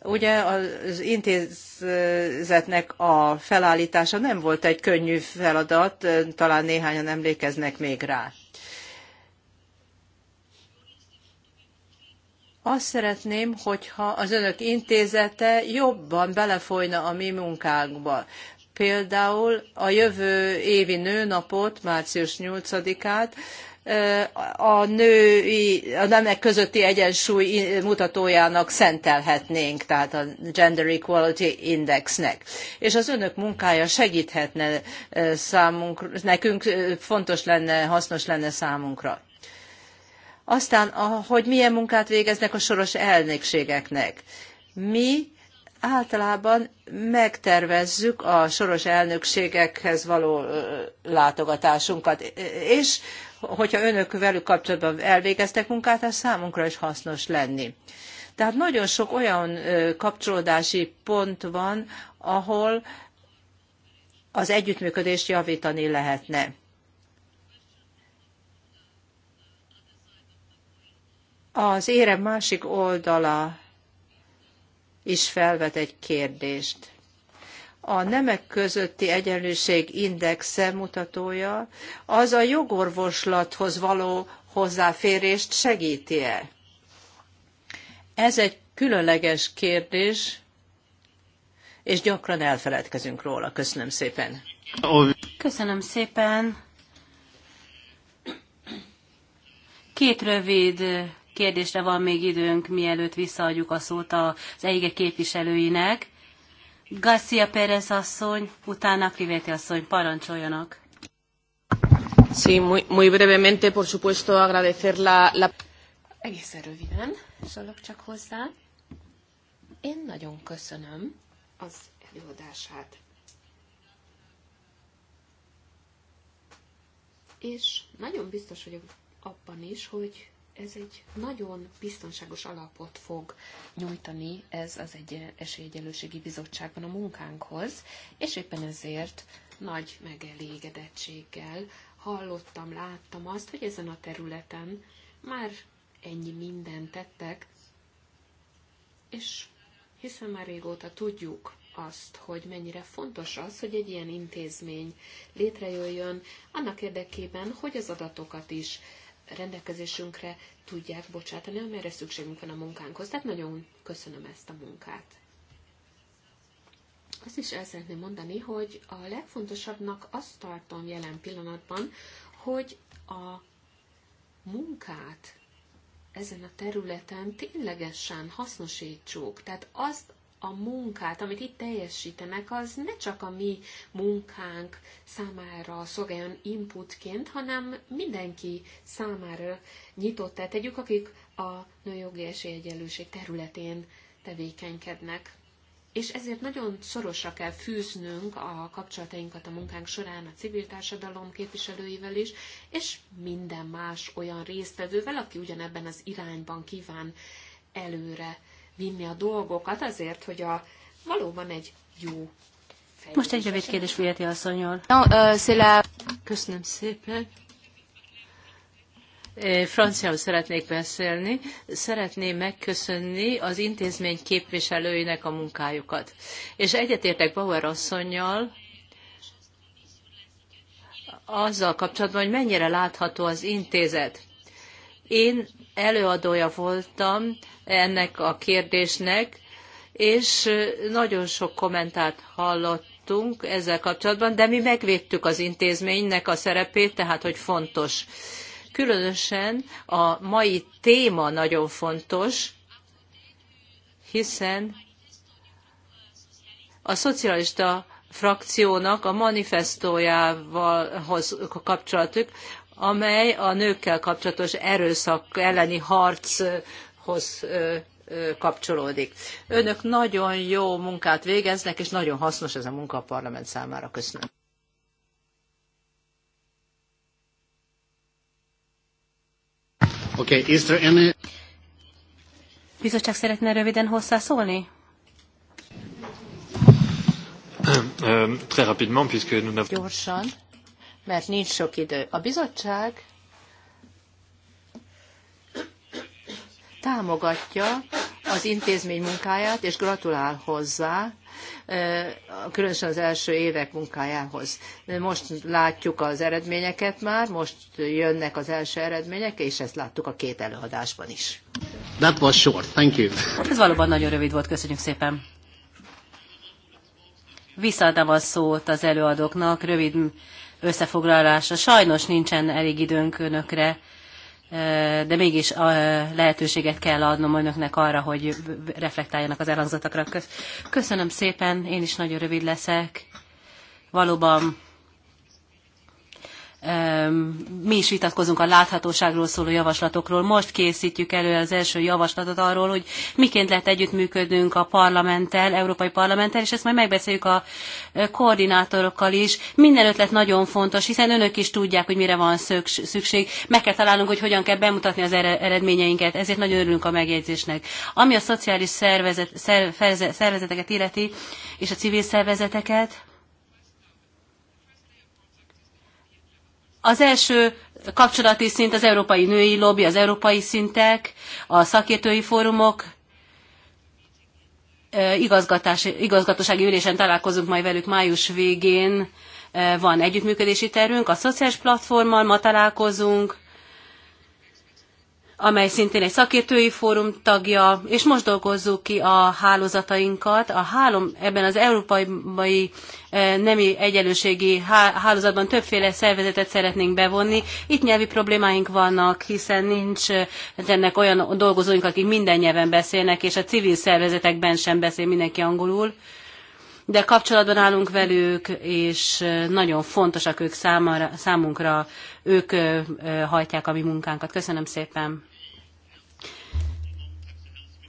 C: Ugye az intézetnek a felállítása nem volt egy könnyű feladat, talán néhányan emlékeznek még rá. Azt szeretném, hogyha az önök intézete jobban belefolyna a mi munkánkba. Például a jövő évi nőnapot, március 8-át, eh, a női, a nemek közötti egyensúly mutatójának szentelhetnénk, tehát a Gender Equality Indexnek. És az önök munkája segíthetne eh, számunk, nekünk eh, fontos lenne, hasznos lenne számunkra. Aztán, hogy milyen munkát végeznek a soros elnökségeknek. Mi általában megtervezzük a soros elnökségekhez való látogatásunkat, és hogyha önök velük kapcsolatban elvégeztek munkát, az számunkra is hasznos lenni. Tehát nagyon sok olyan kapcsolódási pont van, ahol az együttműködést javítani lehetne. Az érem másik oldala is felvet egy kérdést. A nemek közötti egyenlőség indexe mutatója az a jogorvoslathoz való hozzáférést segíti-e? Ez egy különleges kérdés, és gyakran elfeledkezünk róla. Köszönöm szépen. Köszönöm szépen.
B: Két rövid kérdésre van még időnk, mielőtt visszaadjuk a szót az EIGE képviselőinek. Garcia Pérez asszony, utána Kivéti asszony, parancsoljanak.
C: Sí, muy, muy brevemente, por supuesto, agradecer la... la...
A: Egészen röviden szólok csak hozzá. Én nagyon köszönöm az előadását. És nagyon biztos vagyok abban is, hogy ez egy nagyon biztonságos alapot fog nyújtani ez az egy esélyegyelőségi bizottságban a munkánkhoz, és éppen ezért nagy megelégedettséggel hallottam, láttam azt, hogy ezen a területen már ennyi mindent tettek, és hiszen már régóta tudjuk azt, hogy mennyire fontos az, hogy egy ilyen intézmény létrejöjjön, annak érdekében, hogy az adatokat is rendelkezésünkre tudják bocsátani, amire szükségünk van a munkánkhoz. Tehát nagyon köszönöm ezt a munkát. Azt is el szeretném mondani, hogy a legfontosabbnak azt tartom jelen pillanatban, hogy a munkát ezen a területen ténylegesen hasznosítsuk. Tehát azt a munkát, amit itt teljesítenek, az ne csak a mi munkánk számára szolgáljon inputként, hanem mindenki számára nyitottá tegyük, akik a nőjogi esélyegyenlőség területén tevékenykednek. És ezért nagyon szorosra kell fűznünk a kapcsolatainkat a munkánk során a civil társadalom képviselőivel is, és minden más olyan résztvevővel, aki ugyanebben az irányban kíván előre vinni a dolgokat azért, hogy a valóban egy jó fejlődés. Most egy rövid kérdés
B: Fujeti asszonyol. No, uh, Köszönöm
C: szépen.
B: Franciául szeretnék beszélni.
C: Szeretném megköszönni az intézmény képviselőinek a munkájukat. És egyetértek Bauer asszonynal, azzal kapcsolatban, hogy mennyire látható az intézet. Én előadója voltam ennek a kérdésnek, és nagyon sok kommentát hallottunk ezzel kapcsolatban, de mi megvédtük az intézménynek a szerepét, tehát hogy fontos. Különösen a mai téma nagyon fontos, hiszen a szocialista frakciónak a manifestójához kapcsolatuk, amely a nőkkel kapcsolatos erőszak elleni harchoz kapcsolódik. Önök nagyon jó munkát végeznek, és nagyon hasznos ez a munka a parlament számára. Köszönöm.
A: Okay, is there any...
B: Bizottság szeretne röviden hozzászólni?
A: Um, um,
B: Gyorsan, mert nincs
C: sok idő. A bizottság támogatja az intézmény munkáját, és gratulál hozzá, különösen az első évek munkájához. Most látjuk az eredményeket már, most jönnek az első eredmények, és ezt láttuk a két előadásban is.
A: That was short, thank you.
B: Hát ez valóban nagyon rövid volt, köszönjük szépen. Visszaadnám a szót az előadóknak, rövid összefoglalása. Sajnos nincsen elég időnk önökre, e, de mégis a e, lehetőséget kell adnom önöknek arra, hogy reflektáljanak az elhangzottakra. Köszönöm szépen, én is nagyon rövid leszek. Valóban mi is vitatkozunk a láthatóságról szóló javaslatokról. Most készítjük elő az első javaslatot arról, hogy miként lehet együttműködnünk a parlamenttel, Európai Parlamenttel, és ezt majd megbeszéljük a koordinátorokkal is. Minden ötlet nagyon fontos, hiszen önök is tudják, hogy mire van szükség. Meg kell találnunk, hogy hogyan kell bemutatni az eredményeinket, ezért nagyon örülünk a megjegyzésnek. Ami a szociális szervezet, szervezeteket illeti, és a civil szervezeteket, Az első kapcsolati szint az európai női lobby, az európai szintek, a szakértői fórumok, igazgatósági ülésen találkozunk majd velük május végén, van együttműködési terünk, a szociális platformmal ma találkozunk, amely szintén egy szakértői fórum tagja, és most dolgozzuk ki a hálózatainkat. A hálom ebben az európai eh, nemi egyenlőségi hálózatban többféle szervezetet szeretnénk bevonni. Itt nyelvi problémáink vannak, hiszen nincs eh, ennek olyan dolgozóink, akik minden nyelven beszélnek, és a civil szervezetekben sem beszél mindenki angolul de kapcsolatban állunk velük, és nagyon fontosak ők számára, számunkra, ők hajtják a mi munkánkat. Köszönöm szépen!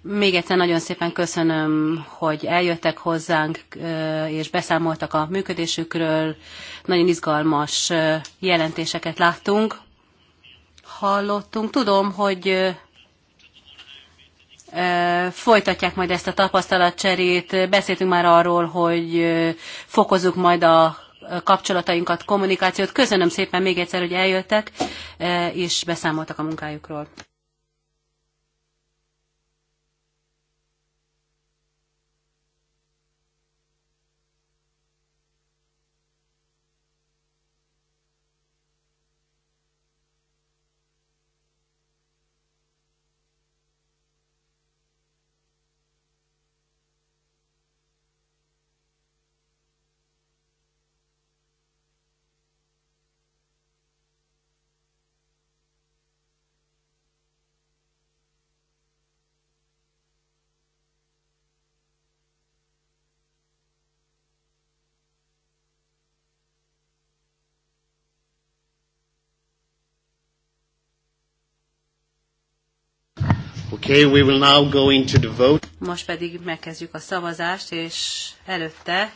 B: Még egyszer nagyon szépen köszönöm, hogy eljöttek hozzánk, és beszámoltak a működésükről. Nagyon izgalmas jelentéseket láttunk, hallottunk. Tudom, hogy folytatják majd ezt a tapasztalatcserét. Beszéltünk már arról, hogy fokozzuk majd a kapcsolatainkat, kommunikációt. Köszönöm szépen még egyszer, hogy eljöttek, és beszámoltak a munkájukról.
A: Okay, we will now go into the vote.
B: Most pedig megkezdjük a szavazást, és előtte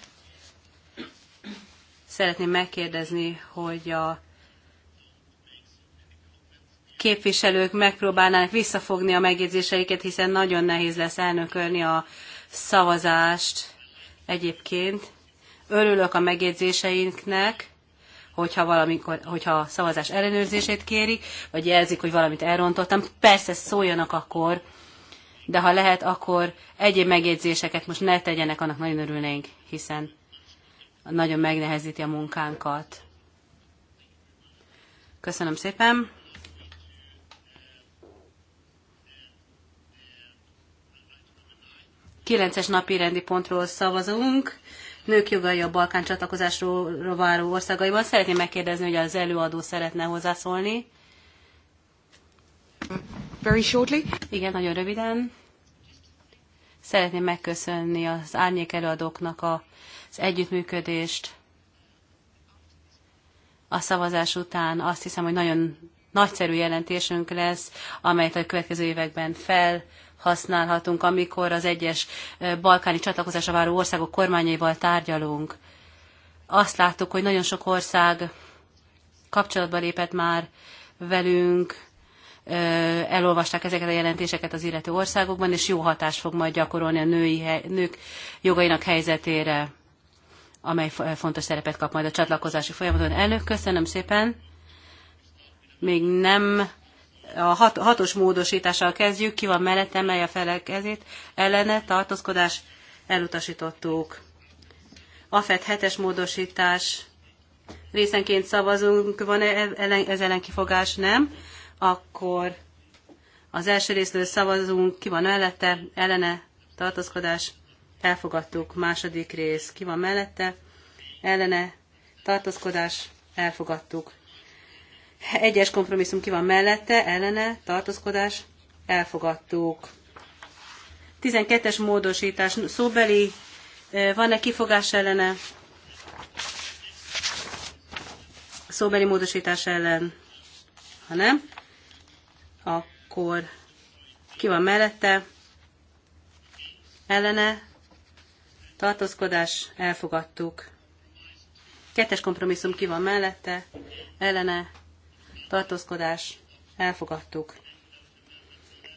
B: szeretném megkérdezni, hogy a képviselők megpróbálnának visszafogni a megjegyzéseiket, hiszen nagyon nehéz lesz elnökölni a szavazást egyébként. Örülök a megjegyzéseinknek, hogyha, valamikor, hogyha a szavazás ellenőrzését kérik, vagy jelzik, hogy valamit elrontottam, persze szóljanak akkor, de ha lehet, akkor egyéb megjegyzéseket most ne tegyenek, annak nagyon örülnénk, hiszen nagyon megnehezíti a munkánkat. Köszönöm szépen! Kilences napi rendi pontról szavazunk nők jogai a Balkán csatlakozásról váró országaiban. Szeretném megkérdezni, hogy az előadó szeretne hozzászólni. Very shortly. Igen, nagyon röviden. Szeretném megköszönni az árnyék előadóknak az együttműködést a szavazás után. Azt hiszem, hogy nagyon nagyszerű jelentésünk lesz, amelyet a következő években fel használhatunk, amikor az egyes balkáni csatlakozásra váró országok kormányaival tárgyalunk. Azt láttuk, hogy nagyon sok ország kapcsolatba lépett már velünk, elolvasták ezeket a jelentéseket az illető országokban, és jó hatást fog majd gyakorolni a női, nők jogainak helyzetére, amely fontos szerepet kap majd a csatlakozási folyamaton. Elnök, köszönöm szépen! Még nem a hat, hatos módosítással kezdjük, ki van mellett, emelje fel a kezét, ellene, tartózkodás, elutasítottuk. AFET 7-es módosítás, részenként szavazunk, van -e ez ellen kifogás? Nem. Akkor az első részről szavazunk, ki van mellette, ellene, tartózkodás, elfogadtuk. Második rész, ki van mellette, ellene, tartózkodás, elfogadtuk. Egyes kompromisszum ki van mellette, ellene, tartózkodás, elfogadtuk. 12-es módosítás, szóbeli, van-e kifogás ellene? Szóbeli módosítás ellen, ha nem, akkor ki van mellette, ellene, tartózkodás, elfogadtuk. Kettes kompromisszum ki van mellette, ellene, tartózkodás, elfogadtuk.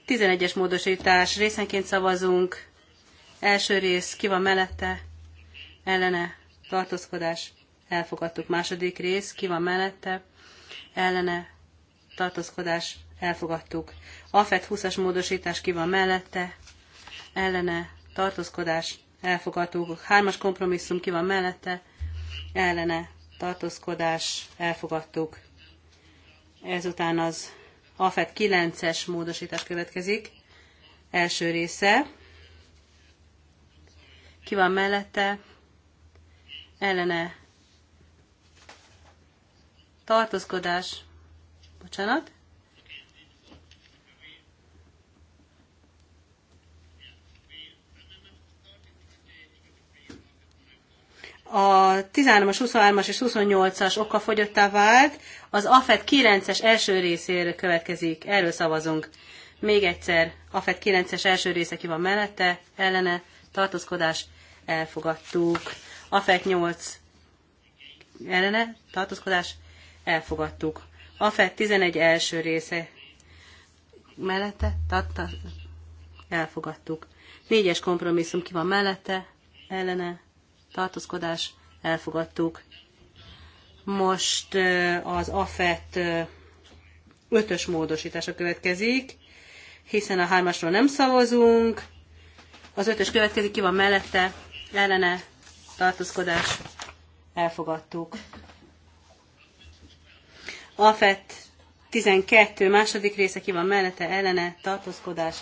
B: 11-es módosítás, részenként szavazunk, első rész, ki van mellette, ellene, tartózkodás, elfogadtuk. Második rész, ki van mellette, ellene, tartózkodás, elfogadtuk. AFET 20-as módosítás, ki van mellette, ellene, tartózkodás, elfogadtuk. Hármas kompromisszum, ki van mellette, ellene, tartózkodás, elfogadtuk. Ezután az AFET 9-es módosítás következik, első része. Ki van mellette? Ellene tartózkodás, bocsánat, a 13-as, 23-as és 28-as okafogyottá vált, az AFET 9-es első részére következik. Erről szavazunk. Még egyszer, AFET 9-es első része ki van mellette, ellene, tartózkodás, elfogadtuk. AFET 8 ellene, tartózkodás, elfogadtuk. AFET 11 első része mellette, tartózkodás, elfogadtuk. Négyes kompromisszum ki van mellette, ellene, tartózkodás, elfogadtuk. Most az AFET ötös módosítása következik, hiszen a hármasról nem szavazunk. Az ötös következik, ki van mellette, ellene, tartózkodás, elfogadtuk. AFET e 12 második része, ki van mellette, ellene, tartózkodás,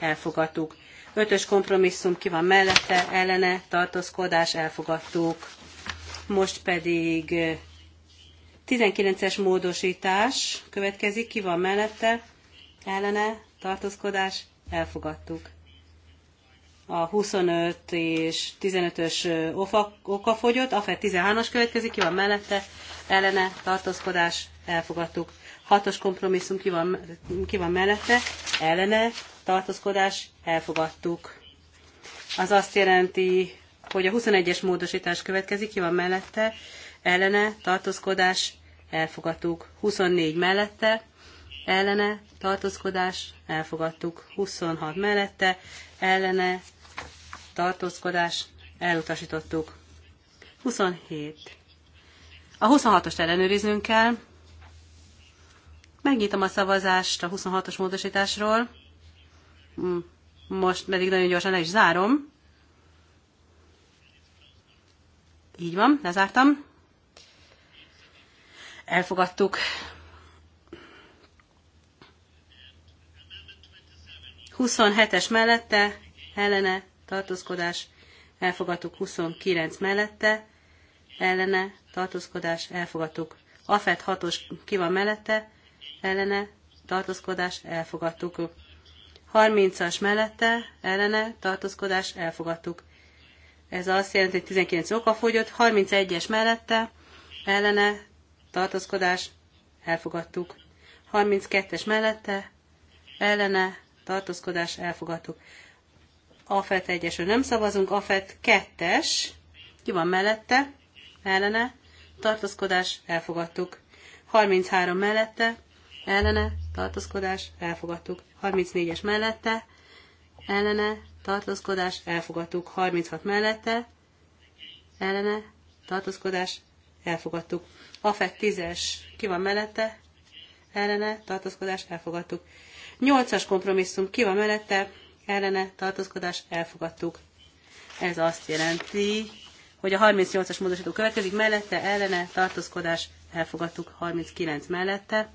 B: elfogadtuk. Ötös kompromisszum ki van mellette, ellene, tartózkodás, elfogadtuk. Most pedig 19-es módosítás következik, ki van mellette, ellene, tartózkodás, elfogadtuk. A 25 és 15-ös oka fogyott, a 13-as következik, ki van mellette, ellene, tartózkodás, elfogadtuk. Hatos kompromisszum ki van, ki van mellette, ellene, tartózkodás, elfogadtuk. Az azt jelenti, hogy a 21-es módosítás következik, ki van mellette, ellene, tartózkodás, elfogadtuk. 24 mellette, ellene, tartózkodás, elfogadtuk. 26 mellette, ellene, tartózkodás, elutasítottuk. 27. A 26-ost ellenőriznünk kell. Megnyitom a szavazást a 26-os módosításról. Most pedig nagyon gyorsan le is zárom. Így van, lezártam. Elfogadtuk. 27-es mellette, ellene, tartózkodás, elfogadtuk 29 mellette, ellene, tartózkodás, elfogadtuk. Afet 6-os ki van mellette, ellene, tartózkodás, elfogadtuk. 30-as mellette ellene tartózkodást elfogadtuk. Ez azt jelenti, hogy 19 oka fogyott, 31-es mellette ellene tartózkodás elfogadtuk. 32-es mellette ellene tartózkodás elfogadtuk. AFET 1 nem szavazunk, AFET 2-es, ki van mellette, ellene, tartózkodás elfogadtuk. 33 mellette, ellene, tartózkodás elfogadtuk. 34-es mellette, ellene, tartózkodás, elfogadtuk. 36 mellette, ellene, tartózkodás, elfogadtuk. Afet 10-es, ki van mellette, ellene, tartózkodás, elfogadtuk. 8-as kompromisszum, ki van mellette, ellene, tartózkodás, elfogadtuk. Ez azt jelenti, hogy a 38-as módosító következik, mellette, ellene, tartózkodás, elfogadtuk. 39 mellette,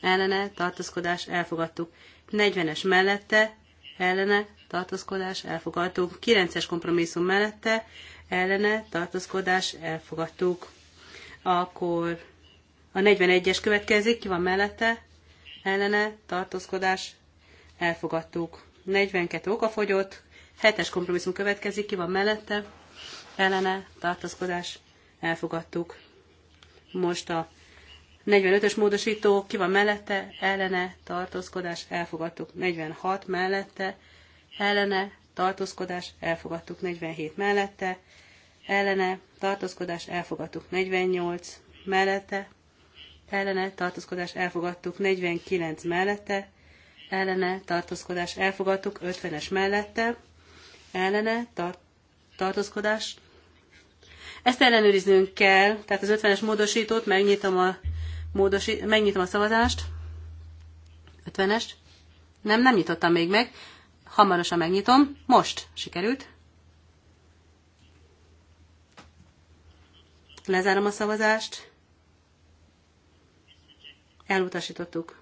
B: ellene, tartózkodás, elfogadtuk. 40-es mellette ellene tartózkodás elfogadtuk. 9-es kompromisszum mellette ellene tartózkodás elfogadtuk. Akkor a 41-es következik, ki van mellette? Ellene tartózkodás elfogadtuk. 42 okafogyott, 7-es kompromisszum következik, ki van mellette? Ellene tartózkodás elfogadtuk. Most a 45-ös módosító, ki van mellette, ellene, tartózkodás, elfogadtuk. 46 mellette, ellene, tartózkodás, elfogadtuk. 47 mellette, ellene, tartózkodás, elfogadtuk. 48 mellette, ellene, tartózkodás, elfogadtuk. 49 mellette, ellene, tartózkodás, elfogadtuk. 50-es mellette, ellene, tar- tartózkodás. Ezt ellenőriznünk kell, tehát az 50-es módosítót megnyitom a módosít, megnyitom a szavazást. 50-est. Nem, nem nyitottam még meg. Hamarosan megnyitom. Most sikerült. Lezárom a szavazást. Elutasítottuk.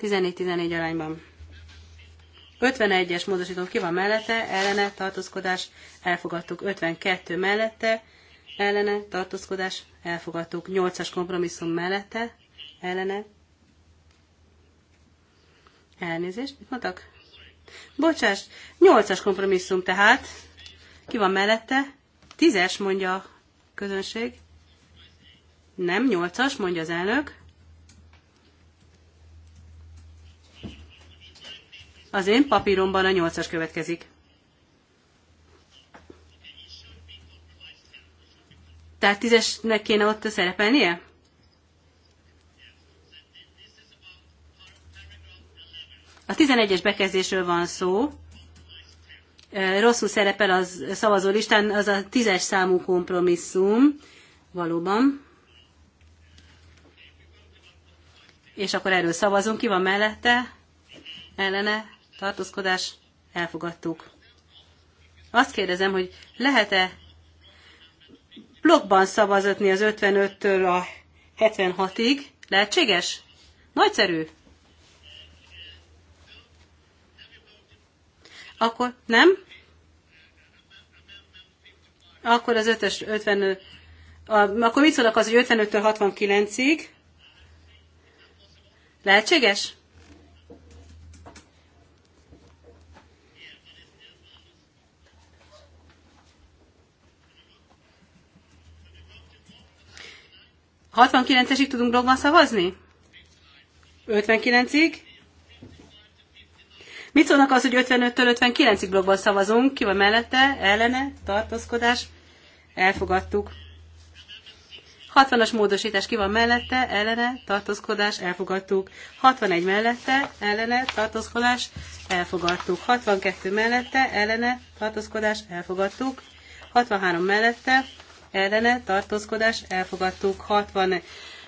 B: 14-14 arányban. 51-es módosítom, ki van mellette, ellene, tartózkodás, elfogadtuk. 52 mellette, ellene tartózkodás elfogadtuk. nyolcas as kompromisszum mellette ellene elnézést, mit mondtak? Bocsáss, nyolcas as kompromisszum tehát. Ki van mellette? 10 mondja a közönség. Nem, nyolcas as mondja az elnök. Az én papíromban a nyolcas as következik. Tehát tízesnek kéne ott szerepelnie? A 11-es bekezdésről van szó. Rosszul szerepel az szavazó listán, az a tízes számú kompromisszum. Valóban. És akkor erről szavazunk. Ki van mellette? Ellene? Tartózkodás? Elfogadtuk. Azt kérdezem, hogy lehet-e blokkban szavazatni az 55-től a 76-ig. Lehetséges? Nagyszerű. Akkor nem? Akkor az 5-ös 55 akkor mit szólok az, hogy 55-től 69-ig? Lehetséges? 69-esig tudunk blogban szavazni? 59-ig? Mit szólnak az, hogy 55-től 59-ig blogban szavazunk? Ki van mellette? Ellene? Tartózkodás? Elfogadtuk. 60-as módosítás ki van mellette, ellene, tartózkodás, elfogadtuk. 61 mellette, ellene, tartózkodás, elfogadtuk. 62 mellette, ellene, tartózkodás, elfogadtuk. 63 mellette, ellene tartózkodás elfogadtuk 60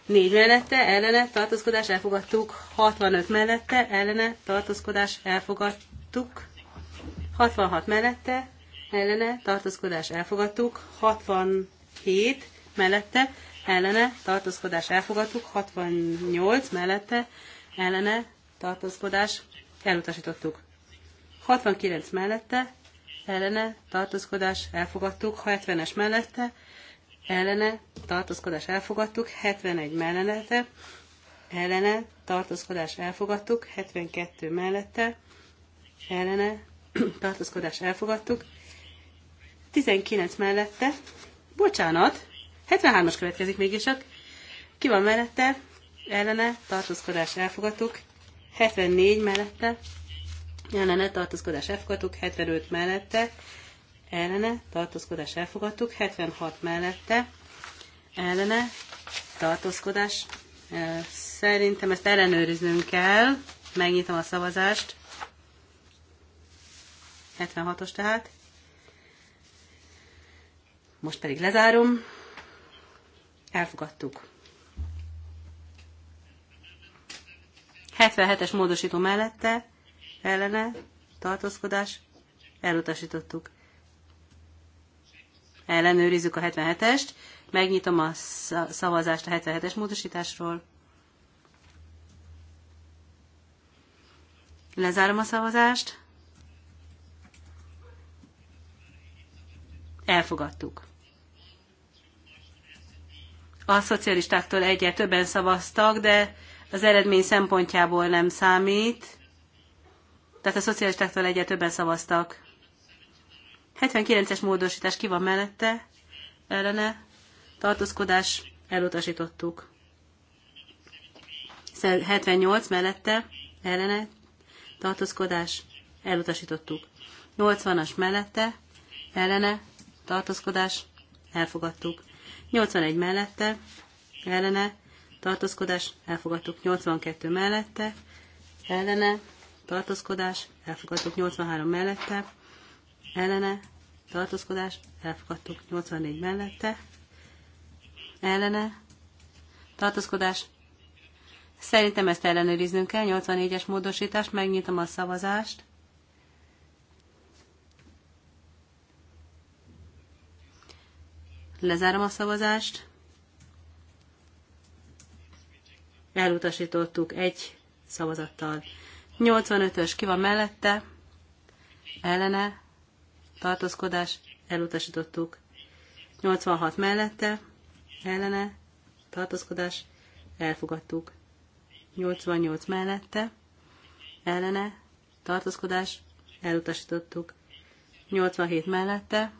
B: 4 mellette, ellene tartózkodás elfogadtuk, 65 mellette, ellene tartózkodás elfogadtuk, 66 mellette, ellene tartózkodás elfogadtuk, 67 mellette, ellene tartózkodás elfogadtuk, 68 mellette, ellene tartózkodás elutasítottuk. 69 mellette, ellene tartózkodás elfogadtuk, 70-es mellette, ellene tartózkodás elfogadtuk, 71 mellette ellene tartózkodás elfogadtuk, 72 mellette ellene tartózkodás elfogadtuk, 19 mellette, bocsánat, 73-as következik mégis csak, ki van mellette, ellene tartózkodás elfogadtuk, 74 mellette, ellene tartózkodás elfogadtuk, 75 mellette, ellene tartózkodás elfogadtuk, 76 mellette ellene tartózkodás. Szerintem ezt ellenőriznünk kell. Megnyitom a szavazást. 76-os tehát. Most pedig lezárom. Elfogadtuk. 77-es módosító mellette ellene tartózkodás elutasítottuk ellenőrizzük a 77-est, megnyitom a szavazást a 77-es módosításról, lezárom a szavazást, elfogadtuk. A szocialistáktól egyet többen szavaztak, de az eredmény szempontjából nem számít. Tehát a szocialistáktól egyet többen szavaztak. 79-es módosítás ki van mellette, ellene, tartózkodás, elutasítottuk. 78 mellette, ellene, tartózkodás, elutasítottuk. 80-as mellette, ellene, tartózkodás, elfogadtuk. 81 mellette, ellene, tartózkodás, elfogadtuk. 82 mellette, ellene, tartózkodás, elfogadtuk. 83 mellette, ellene, tartózkodás, elfogadtuk 84 mellette, ellene, tartózkodás, Szerintem ezt ellenőriznünk kell, 84-es módosítás, megnyitom a szavazást. Lezárom a szavazást. Elutasítottuk egy szavazattal. 85-ös ki van mellette, ellene, tartózkodás, elutasítottuk. 86 mellette, ellene, tartózkodás, elfogadtuk. 88 mellette, ellene, tartózkodás, elutasítottuk. 87 mellette,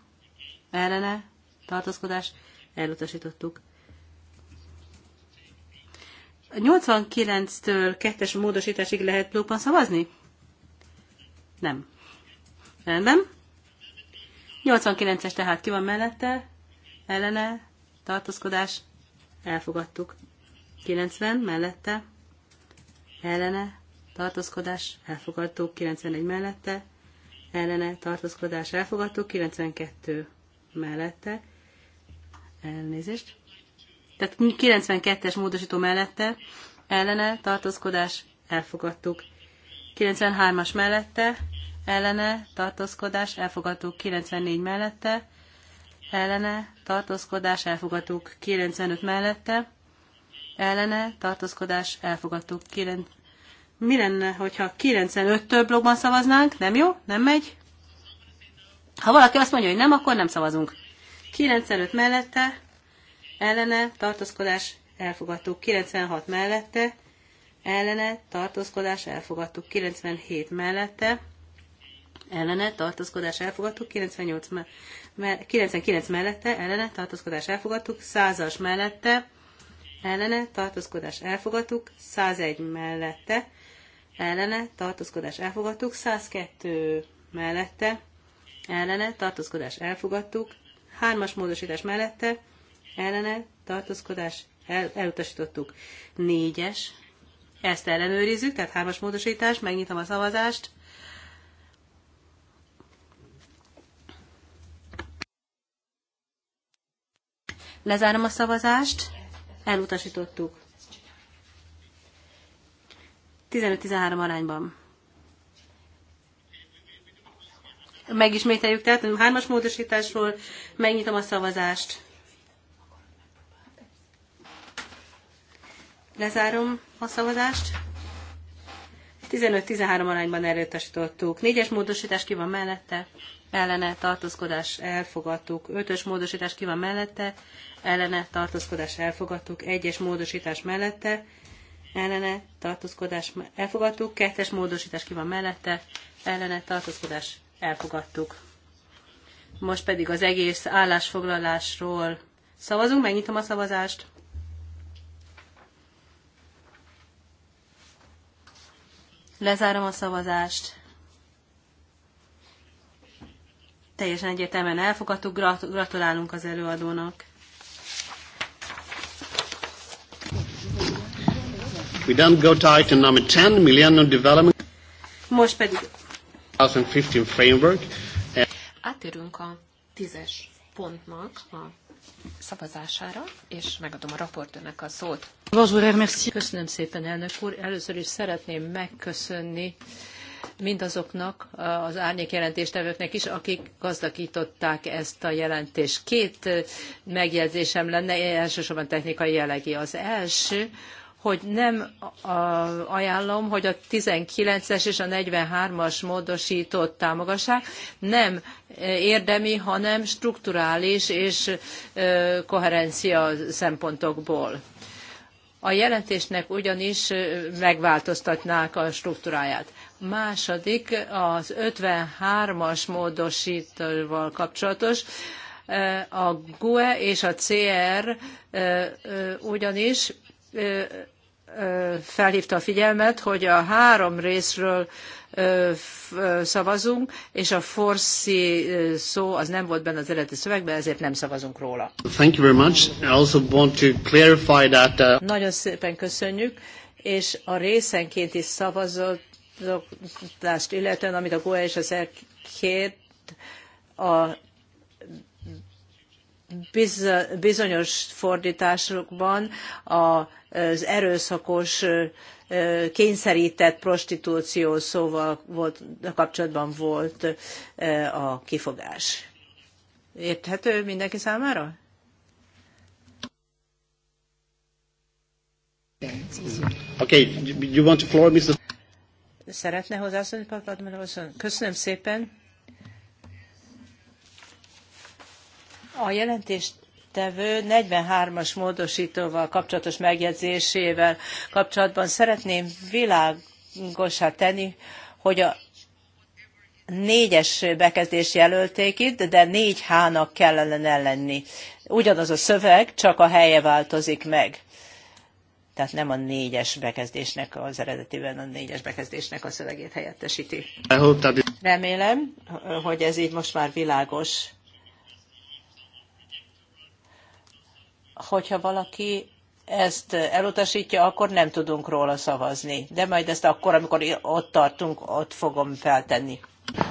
B: ellene, tartózkodás, elutasítottuk. 89-től 2-es módosításig lehet blokkban szavazni? Nem. Rendben. 89-es tehát ki van mellette, ellene, tartózkodás, elfogadtuk. 90 mellette, ellene, tartózkodás, elfogadtuk. 91 mellette, ellene, tartózkodás, elfogadtuk. 92 mellette, elnézést. Tehát 92-es módosító mellette, ellene, tartózkodás, elfogadtuk. 93-as mellette, ellene tartózkodás elfogadtuk 94 mellette, ellene tartózkodás elfogadtuk 95 mellette, ellene tartózkodás elfogadtuk 9. Mi lenne, hogyha 95 több blogban szavaznánk? Nem jó? Nem megy? Ha valaki azt mondja, hogy nem, akkor nem szavazunk. 95 mellette, ellene tartózkodás elfogadtuk 96 mellette, ellene tartózkodás elfogadtuk 97 mellette, ellene tartózkodás elfogadtuk, 98 me- me- 99 mellette ellene tartózkodás elfogadtuk, 100-as mellette ellene tartózkodás elfogadtuk, 101 mellette ellene tartózkodás elfogadtuk, 102 mellette ellene tartózkodás elfogadtuk, 3-as módosítás mellette ellene tartózkodás el- elutasítottuk, 4-es ezt ellenőrizzük, tehát hármas módosítás, megnyitom a szavazást, Lezárom a szavazást. Elutasítottuk. 15-13 arányban. Megismételjük, tehát a hármas módosításról megnyitom a szavazást. Lezárom a szavazást. 15-13 arányban erőtasítottuk. Négyes módosítás ki van mellette? ellene tartózkodás elfogadtuk. Ötös módosítás ki van mellette, ellene tartózkodás elfogadtuk. Egyes módosítás mellette, ellene tartózkodás elfogadtuk. Kettes módosítás ki van mellette, ellene tartózkodás elfogadtuk. Most pedig az egész állásfoglalásról szavazunk, megnyitom a szavazást. Lezárom a szavazást. teljesen egyértelműen elfogadtuk, gratulálunk az előadónak.
A: We don't go to item number 10, Millennium Development. Most pedig 2015 framework. Átérünk a tízes pontnak a szavazására, és megadom a raportőnek a szót. Köszönöm
C: szépen, elnök úr. Először is szeretném megköszönni mindazoknak eh, az árnyék jelentéstevőknek is, akik gazdagították ezt a jelentést. Két eh, megjegyzésem lenne, elsősorban technikai jellegű. Az első, hogy nem ajánlom, hogy a 19-es és a 43-as módosítót támogassák, nem eh, érdemi, hanem strukturális és koherencia szempontokból. A jelentésnek ugyanis megváltoztatnák a struktúráját második az 53-as módosítóval kapcsolatos, eh, a GUE és a CR eh, ugyanis eh, felhívta a figyelmet, hogy a három részről szavazunk, és a forszi szó az nem volt benne az eredeti szövegben, ezért nem szavazunk róla.
A: Thank you very much. I also want to clarify that, uh...
C: Nagyon szépen köszönjük, és a részenkénti szavazott szabályozást illetően, amit a GOE és az két a bizonyos fordításokban az erőszakos kényszerített prostitúció szóval volt, kapcsolatban volt a kifogás. Érthető mindenki számára?
A: Okay, you want to floor, Mr.
C: Szeretne hozzászólni, Papadmaroszon? Köszönöm szépen. A jelentéstevő tevő 43-as módosítóval kapcsolatos megjegyzésével kapcsolatban szeretném világosá tenni, hogy a négyes bekezdés jelölték itt, de négy hának kellene lenni. Ugyanaz a szöveg, csak a helye változik meg tehát nem a négyes bekezdésnek, az eredetiben a négyes bekezdésnek a szövegét helyettesíti. Remélem, hogy ez így most már világos. Hogyha valaki ezt elutasítja, akkor nem tudunk róla szavazni. De majd ezt akkor, amikor ott tartunk, ott fogom feltenni.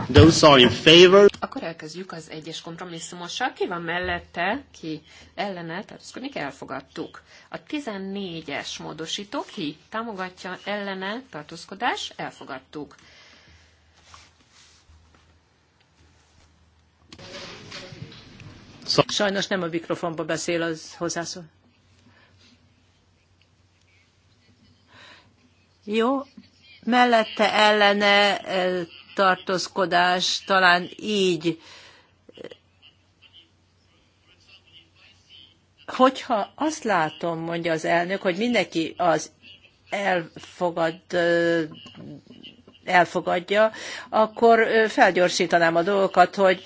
A: Those are in favor. Akkor elkezdjük az egyes kompromisszumossal. Ki van mellette, ki ellene, tartózkodik, elfogadtuk. A 14-es módosító, ki támogatja, ellene, tartózkodás, elfogadtuk.
C: Sajnos nem a mikrofonba beszél az hozzászól. Jó, mellette ellene eh, tartózkodás talán így. Hogyha azt látom, mondja az elnök, hogy mindenki az elfogad, elfogadja, akkor felgyorsítanám a dolgokat, hogy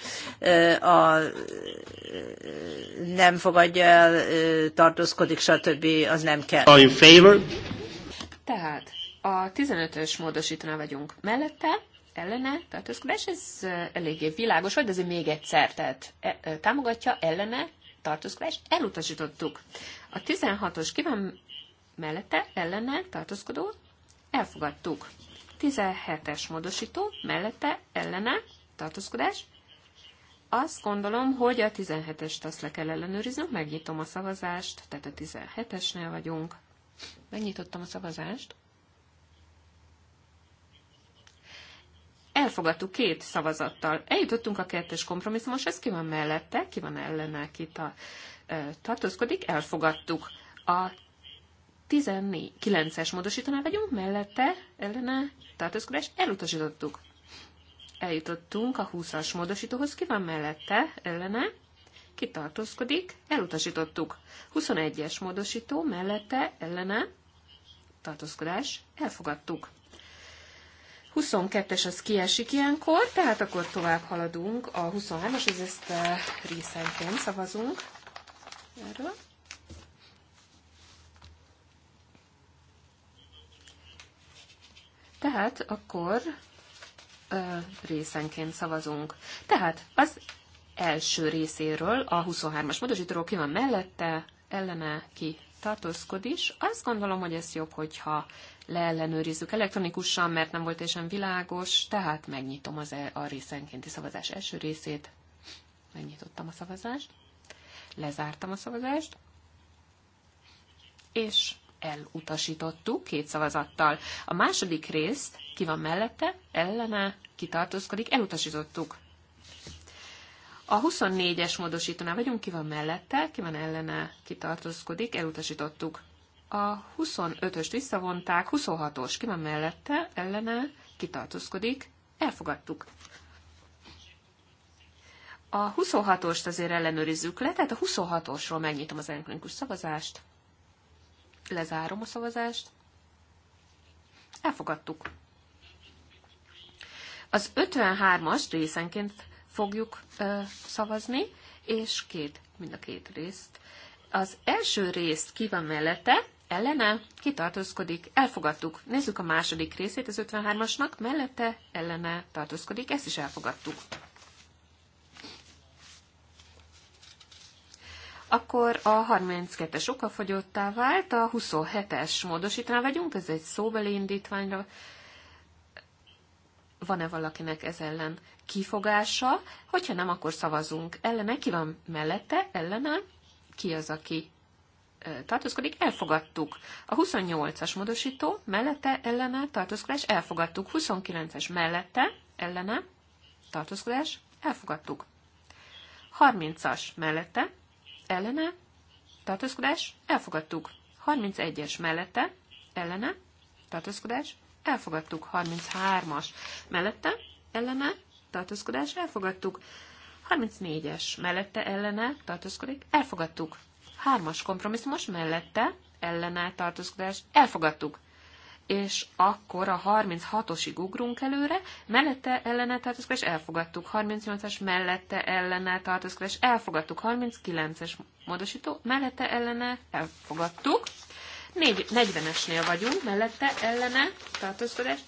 C: a nem fogadja el, tartózkodik, stb. az nem kell. Are you favor?
A: Tehát a 15-ös módosítónál vagyunk mellette, ellene tartózkodás, ez eléggé világos volt, de azért még egyszer, tehát e, támogatja ellene tartózkodás, elutasítottuk. A 16-os ki van mellette, ellene tartózkodó, elfogadtuk. 17-es módosító, mellette, ellene tartózkodás, azt gondolom, hogy a 17-est azt le kell ellenőriznünk, megnyitom a szavazást, tehát a 17-esnél vagyunk. Megnyitottam a szavazást. elfogadtuk két szavazattal. Eljutottunk a kettes kompromisszumos, ez ki van mellette, ki van ellene, ki ta, tartózkodik, elfogadtuk. A 19-es módosítaná vagyunk, mellette, ellene, tartózkodás, elutasítottuk. Eljutottunk a 20-as módosítóhoz, ki van mellette, ellene, ki tartózkodik, elutasítottuk. 21-es módosító, mellette, ellene, tartózkodás, elfogadtuk. 22-es az kiesik ilyenkor, tehát akkor tovább haladunk. A 23-as, ez ezt eh, részenként szavazunk. Erről. Tehát akkor ö, eh, részenként szavazunk. Tehát az első részéről a 23-as módosítóról ki van mellette, ellene, ki tartózkod is. Azt gondolom, hogy ez jobb, hogyha leellenőrizzük elektronikusan, mert nem volt teljesen világos, tehát megnyitom az e- a részenkénti szavazás első részét. Megnyitottam a szavazást, lezártam a szavazást, és elutasítottuk két szavazattal. A második részt ki van mellette, ellene, kitartózkodik, elutasítottuk a 24-es módosítónál vagyunk, ki van mellette, ki van ellene, ki tartózkodik, elutasítottuk. A 25-öst visszavonták, 26-os, ki van mellette, ellene, ki tartózkodik, elfogadtuk. A 26-ost azért ellenőrizzük le, tehát a 26-osról megnyitom az elektronikus szavazást. Lezárom a szavazást. Elfogadtuk. Az 53-as részenként fogjuk szavazni, és két, mind a két részt. Az első részt ki van mellette, ellene, kitartózkodik, elfogadtuk. Nézzük a második részét az 53-asnak, mellette, ellene, tartózkodik, ezt is elfogadtuk. akkor a 32-es okafogyottá vált, a 27-es módosítaná vagyunk, ez egy szóbeli indítványra van-e valakinek ez ellen kifogása, hogyha nem, akkor szavazunk ellene, ki van mellette, ellene, ki az, aki tartózkodik, elfogadtuk. A 28-as módosító mellette, ellene, tartózkodás, elfogadtuk. 29-es mellette, ellene, tartózkodás, elfogadtuk. 30-as mellette, ellene, tartózkodás, elfogadtuk. 31-es mellette, ellene, tartózkodás, elfogadtuk. 33-as mellette ellene tartózkodás, elfogadtuk. 34-es mellette ellene tartózkodik, elfogadtuk. 3-as kompromisszumos mellette ellene tartózkodás, elfogadtuk és akkor a 36-osig ugrunk előre, mellette ellene tartózkodás elfogadtuk, 38-as mellette ellene tartózkodás elfogadtuk, 39-es módosító mellette ellene elfogadtuk, 40-esnél vagyunk, mellette ellene tartózkodás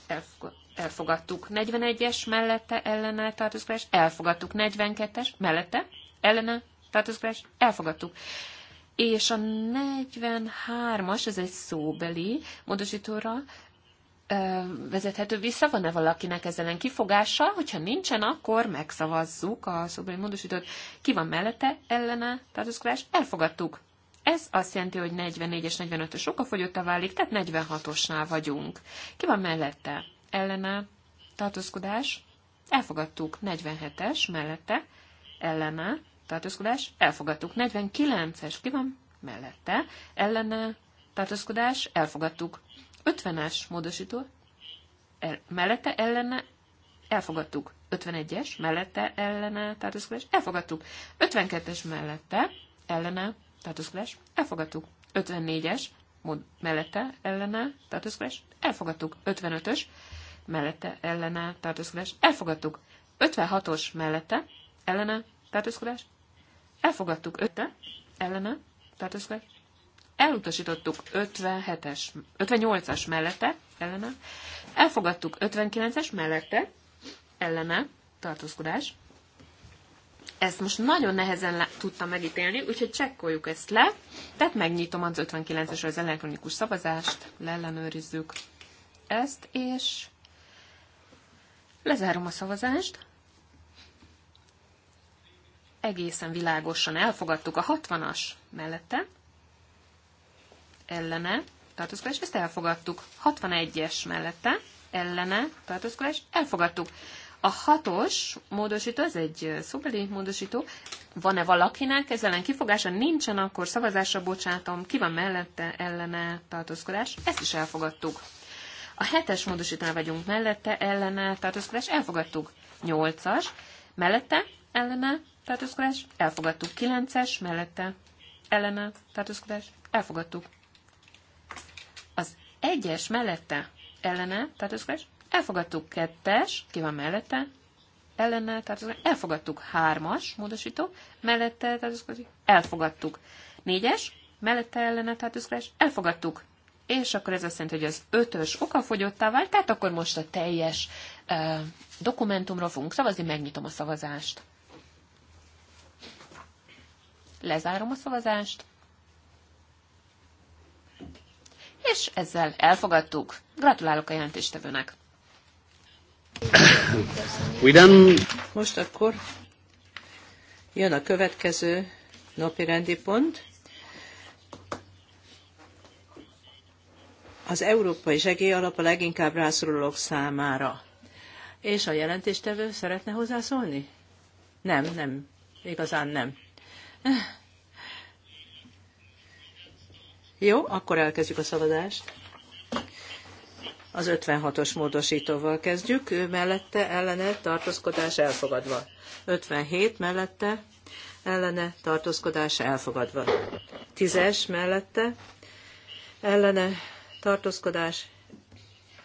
A: elfogadtuk. 41-es mellette ellene tartózkodás elfogadtuk. 42-es mellette ellene tartózkodás elfogadtuk. És a 43-as, ez egy szóbeli módosítóra ö, vezethető vissza. Van-e valakinek ezzel ellen kifogása? Hogyha nincsen, akkor megszavazzuk a szóbeli módosítót. Ki van mellette ellene tartózkodás? Elfogadtuk. Ez azt jelenti, hogy 44 és 45-ös okafogyottá válik, tehát 46-osnál vagyunk. Ki van mellette? Ellene tartózkodás, elfogadtuk 47-es mellette, ellene tartózkodás, elfogadtuk 49-es, ki van mellette, ellene tartózkodás, elfogadtuk 50-es módosító, el, mellette ellene elfogadtuk 51-es, mellette ellene tartózkodás, elfogadtuk 52-es mellette ellene Clash, elfogadtuk. 54-es, mellette, ellene, Clash, elfogadtuk. 55-ös, mellette, ellene, Clash, elfogadtuk. 56-os mellette, ellene, Clash, elfogadtuk. 5 ellene, Clash, elutasítottuk 57-es, 58-as mellette, ellene, elfogadtuk 59-es mellette, ellene, tartózkodás, ezt most nagyon nehezen le- tudtam megítélni, úgyhogy csekkoljuk ezt le. Tehát megnyitom az 59-es az elektronikus szavazást, leellenőrizzük ezt, és lezárom a szavazást. Egészen világosan elfogadtuk a 60-as mellette, ellene, tartózkodás, ezt elfogadtuk. 61-es mellette, ellene, tartózkodás, elfogadtuk. A hatos módosító, ez egy szobeli módosító, van-e valakinek ez ellen kifogása? Nincsen, akkor szavazásra bocsátom. Ki van mellette ellene tartózkodás? Ezt is elfogadtuk. A hetes módosítónál vagyunk mellette, ellene tartózkodás, elfogadtuk. Nyolcas, mellette, ellene tartózkodás, elfogadtuk. Kilences, mellette, ellene tartózkodás, elfogadtuk. Az egyes mellette, ellene tartózkodás, Elfogadtuk kettes, ki van mellette, ellennel tartozkodik, elfogadtuk hármas módosító, mellette tartozkodik, elfogadtuk négyes, mellette ellennel tartozkodás, elfogadtuk. És akkor ez azt jelenti, hogy az ötös okafogyottá vált, tehát akkor most a teljes uh, dokumentumról fogunk szavazni, megnyitom a szavazást. Lezárom a szavazást. És ezzel elfogadtuk. Gratulálok a jelentéstevőnek!
B: We
C: Most akkor jön a következő napi rendi pont. Az európai alap a leginkább rászorulók számára. És a jelentéstevő szeretne hozzászólni? Nem, nem, igazán nem. Jó, akkor elkezdjük a szavazást. Az 56-os módosítóval kezdjük, ő mellette ellene tartózkodás elfogadva. 57 mellette ellene tartózkodás elfogadva. 10-es mellette ellene tartózkodás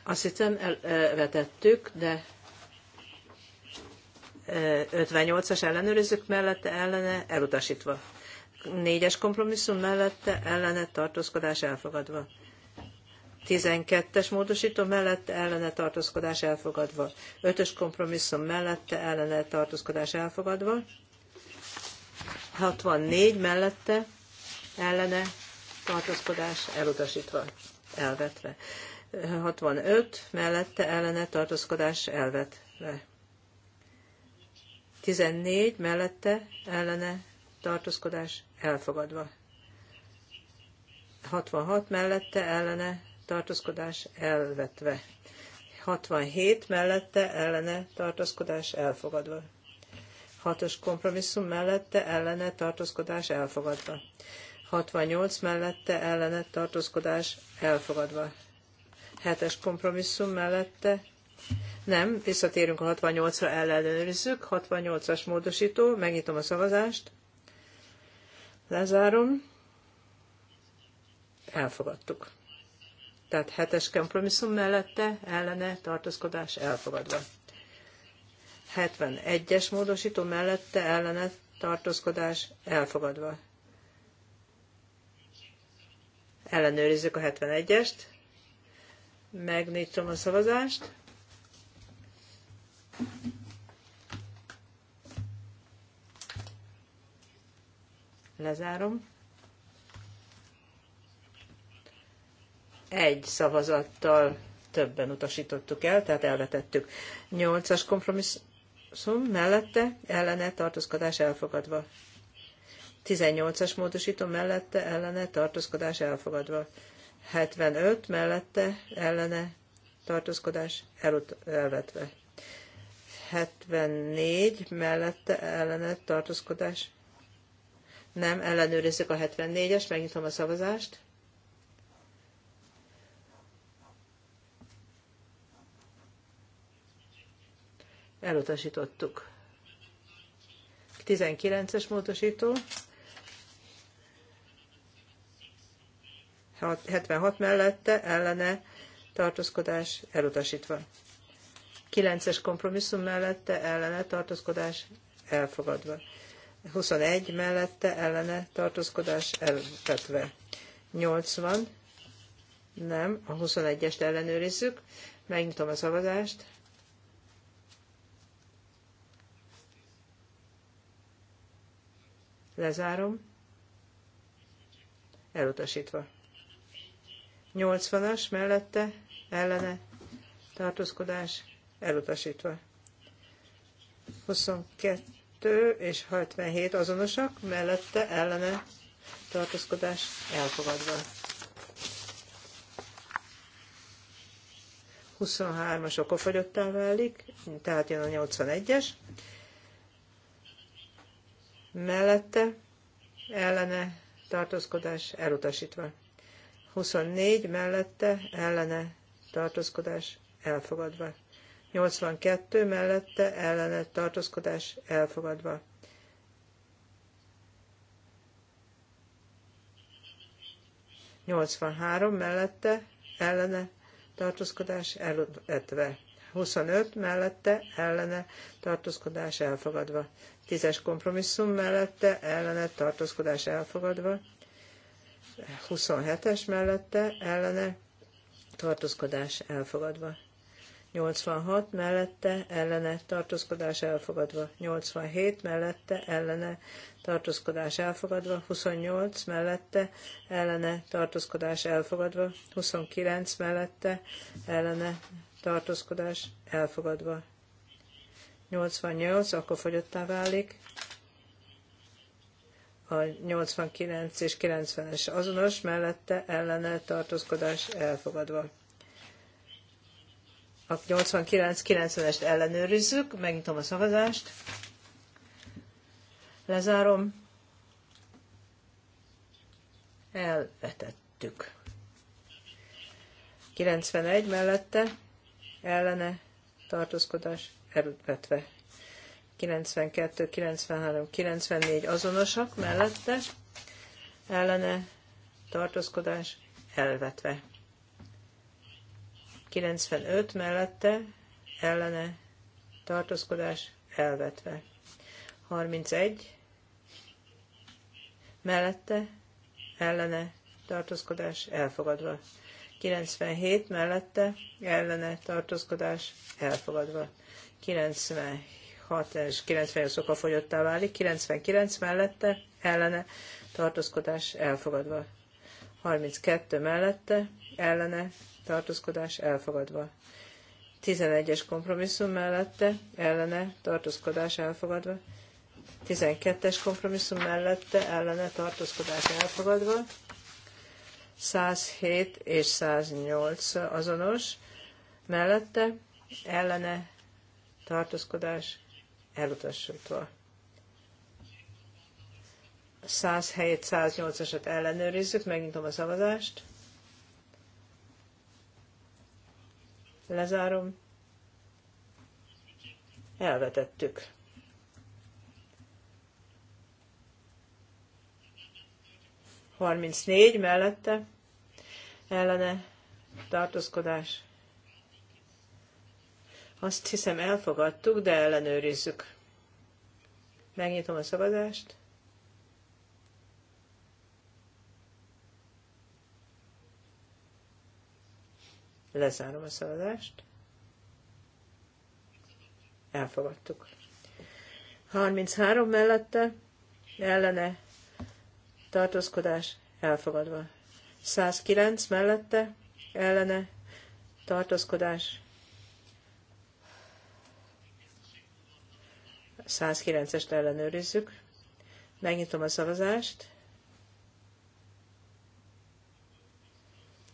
C: azt hiszem elvetettük, de 58-as ellenőrizzük mellette ellene elutasítva. 4-es kompromisszum mellette ellene tartózkodás elfogadva. 12-es módosító mellett ellene tartózkodás elfogadva. 5-ös kompromisszum mellette ellene tartózkodás elfogadva. 64 mellette ellene tartózkodás elutasítva, elvetve. 65 mellette ellene tartózkodás elvetve. 14 mellette ellene tartózkodás elfogadva. 66 mellette ellene tartózkodás elvetve. 67 mellette ellene tartózkodás elfogadva. 6-os kompromisszum mellette ellene tartózkodás elfogadva. 68 mellette ellene tartózkodás elfogadva. 7-es kompromisszum mellette nem, visszatérünk a 68-ra, ellenőrizzük. 68-as módosító, megnyitom a szavazást. Lezárom. Elfogadtuk. Tehát hetes kompromisszum mellette ellene tartózkodás elfogadva. 71-es módosító mellette ellene tartózkodás elfogadva. Ellenőrizzük a 71-est. Megnyitom a szavazást. Lezárom. egy szavazattal többen utasítottuk el, tehát elvetettük. Nyolcas kompromisszum mellette ellene tartózkodás elfogadva. 18-as módosító mellette ellene tartózkodás elfogadva. 75 mellette ellene tartózkodás elut- elvetve. 74 mellette ellene tartózkodás. Nem, ellenőrizzük a 74-est, megnyitom a szavazást. Elutasítottuk. 19-es módosító. 76 mellette ellene tartózkodás elutasítva. 9-es kompromisszum mellette ellene tartózkodás elfogadva. 21 mellette ellene tartózkodás elvetve. 80, nem, a 21-est ellenőrizzük, megnyitom a szavazást, Lezárom. Elutasítva. 80-as mellette ellene tartózkodás elutasítva. 22 és 67 azonosak, mellette ellene tartózkodás elfogadva. 23-as okofagyottá válik, tehát jön a 81-es, mellette ellene tartózkodás elutasítva. 24 mellette ellene tartózkodás elfogadva. 82 mellette ellene tartózkodás elfogadva. 83 mellette ellene tartózkodás elutasítva. 25 mellette ellene tartózkodás elfogadva. 10-es kompromisszum mellette ellene tartózkodás elfogadva. 27-es mellette ellene tartózkodás elfogadva. 86 mellette ellene tartózkodás elfogadva, 87 mellette ellene tartózkodás elfogadva, 28 mellette ellene tartózkodás elfogadva, 29 mellette ellene tartózkodás elfogadva. 88, akkor fogyottá válik. A 89 és 90-es azonos, mellette ellene tartózkodás elfogadva. A 89-90-est ellenőrizzük, megnyitom a szavazást. Lezárom. Elvetettük. 91 mellette ellene tartózkodás erőtvetve. 92, 93, 94 azonosak mellette ellene tartózkodás elvetve. 95 mellette ellene tartózkodás elvetve. 31 mellette ellene tartózkodás elfogadva. 97 mellette ellene tartózkodás elfogadva. 96 és 98 szoka fogyottá válik, 99 mellette ellene tartózkodás elfogadva. 32 mellette ellene tartózkodás elfogadva. 11-es kompromisszum mellette ellene tartózkodás elfogadva. 12-es kompromisszum mellette ellene tartózkodás elfogadva. 107 és 108 azonos, mellette ellene tartózkodás elutasítva. 107 108-asat ellenőrizzük, megnyitom a szavazást. Lezárom. Elvetettük. Harmincnégy mellette ellene tartózkodás. Azt hiszem elfogadtuk, de ellenőrizzük. Megnyitom a szavazást. Lezárom a szavazást. Elfogadtuk. 33 mellette ellene tartózkodás elfogadva. 109 mellette ellene tartózkodás. 109-est ellenőrizzük. Megnyitom a szavazást.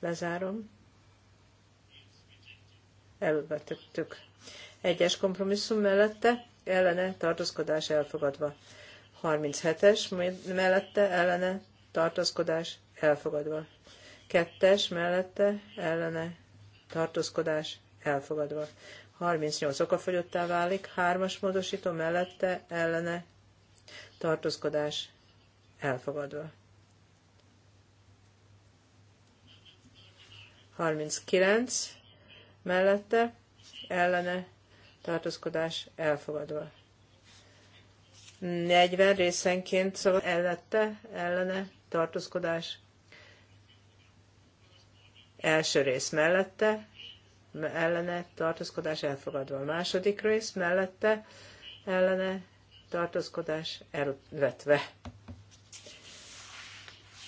C: Lezárom. Elvetettük. Egyes kompromisszum mellette ellene tartózkodás elfogadva. 37-es mellette ellene tartózkodás elfogadva. Kettes mellette ellene tartózkodás elfogadva. 38 okafogyottá válik, hármas módosító mellette ellene tartózkodás elfogadva. 39 mellette ellene tartózkodás elfogadva. 40 részenként szóval ellette ellene tartózkodás Első rész mellette, ellene tartózkodás elfogadva. A második rész mellette, ellene tartózkodás elvetve.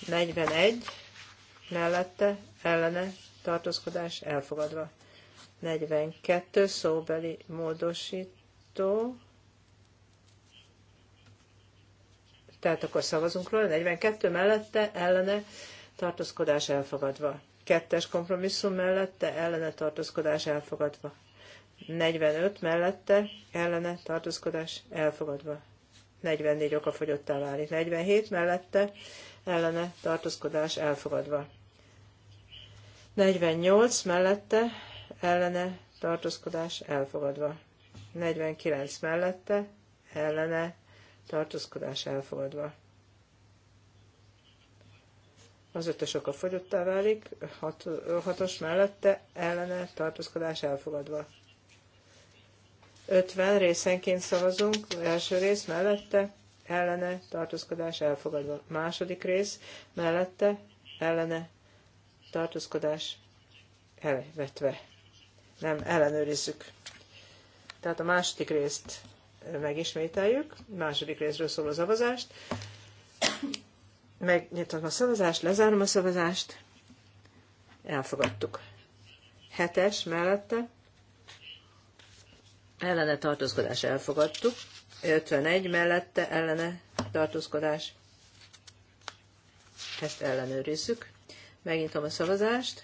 C: 41 mellette, ellene tartózkodás elfogadva. 42 szóbeli módosító. Tehát akkor szavazunk róla. 42 mellette, ellene tartózkodás elfogadva kettes kompromisszum mellette ellene tartózkodás elfogadva. 45 mellette ellene tartózkodás elfogadva. 44 okafogyottá válik. 47 mellette ellene tartózkodás elfogadva. 48 mellette ellene tartózkodás elfogadva. 49 mellette ellene tartózkodás elfogadva. Az ötös a fogyottá válik, hat, hatos mellette ellene tartózkodás elfogadva. 50 részenként szavazunk, első rész mellette ellene tartózkodás elfogadva. Második rész mellette ellene tartózkodás elvetve. Nem, ellenőrizzük. Tehát a második részt megismételjük, második részről szól a szavazást. Megnyitom a szavazást, lezárom a szavazást. Elfogadtuk. Hetes mellette. Ellene tartózkodás elfogadtuk. 51 mellette ellene tartózkodás. Ezt ellenőrizzük. Megnyitom a szavazást.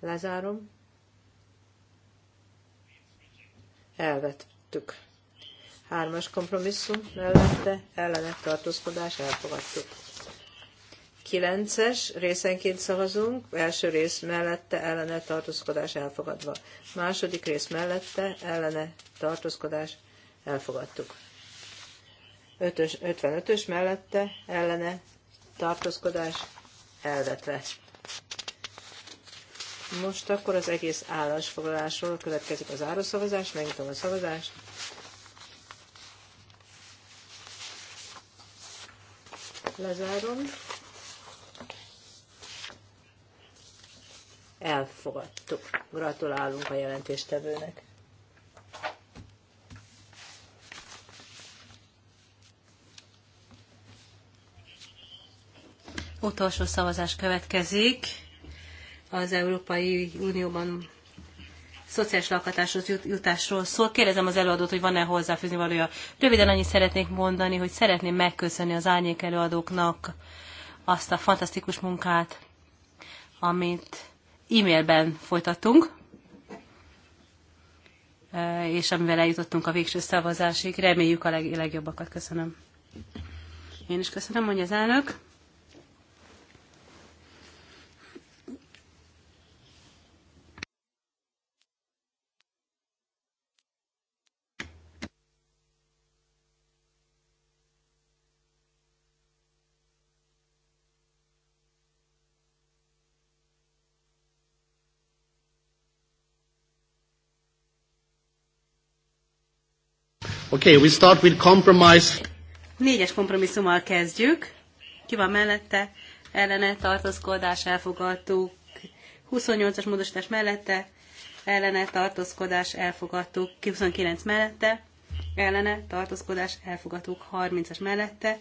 C: Lezárom. Elvet elfogadtuk. Hármas kompromisszum mellette ellene tartózkodás elfogadtuk. Kilences részenként szavazunk, első rész mellette ellene tartózkodás elfogadva. Második rész mellette ellene tartózkodás elfogadtuk. ötös 55-ös mellette ellene tartózkodás elvetve. Most akkor az egész állásfoglalásról következik az árószavazás, megnyitom a szavazást. Lezárom. Elfogadtuk. Gratulálunk a jelentéstevőnek.
B: Utolsó szavazás következik az Európai Unióban szociális lakhatáshoz jutásról szól. Kérdezem az előadót, hogy van-e hozzáfűzni valója. Röviden annyit szeretnék mondani, hogy szeretném megköszönni az árnyék előadóknak azt a fantasztikus munkát, amit e-mailben folytattunk, és amivel eljutottunk a végső szavazásig. Reméljük a leg legjobbakat. Köszönöm. Én is köszönöm, mondja az elnök.
A: Okay, we start with compromise.
B: Négyes kompromisszummal kezdjük. Ki van mellette? Ellene tartózkodás elfogadtuk. 28-as módosítás mellette. Ellene tartózkodás elfogadtuk. 29 mellette. Ellene tartózkodás elfogadtuk. 30-as mellette.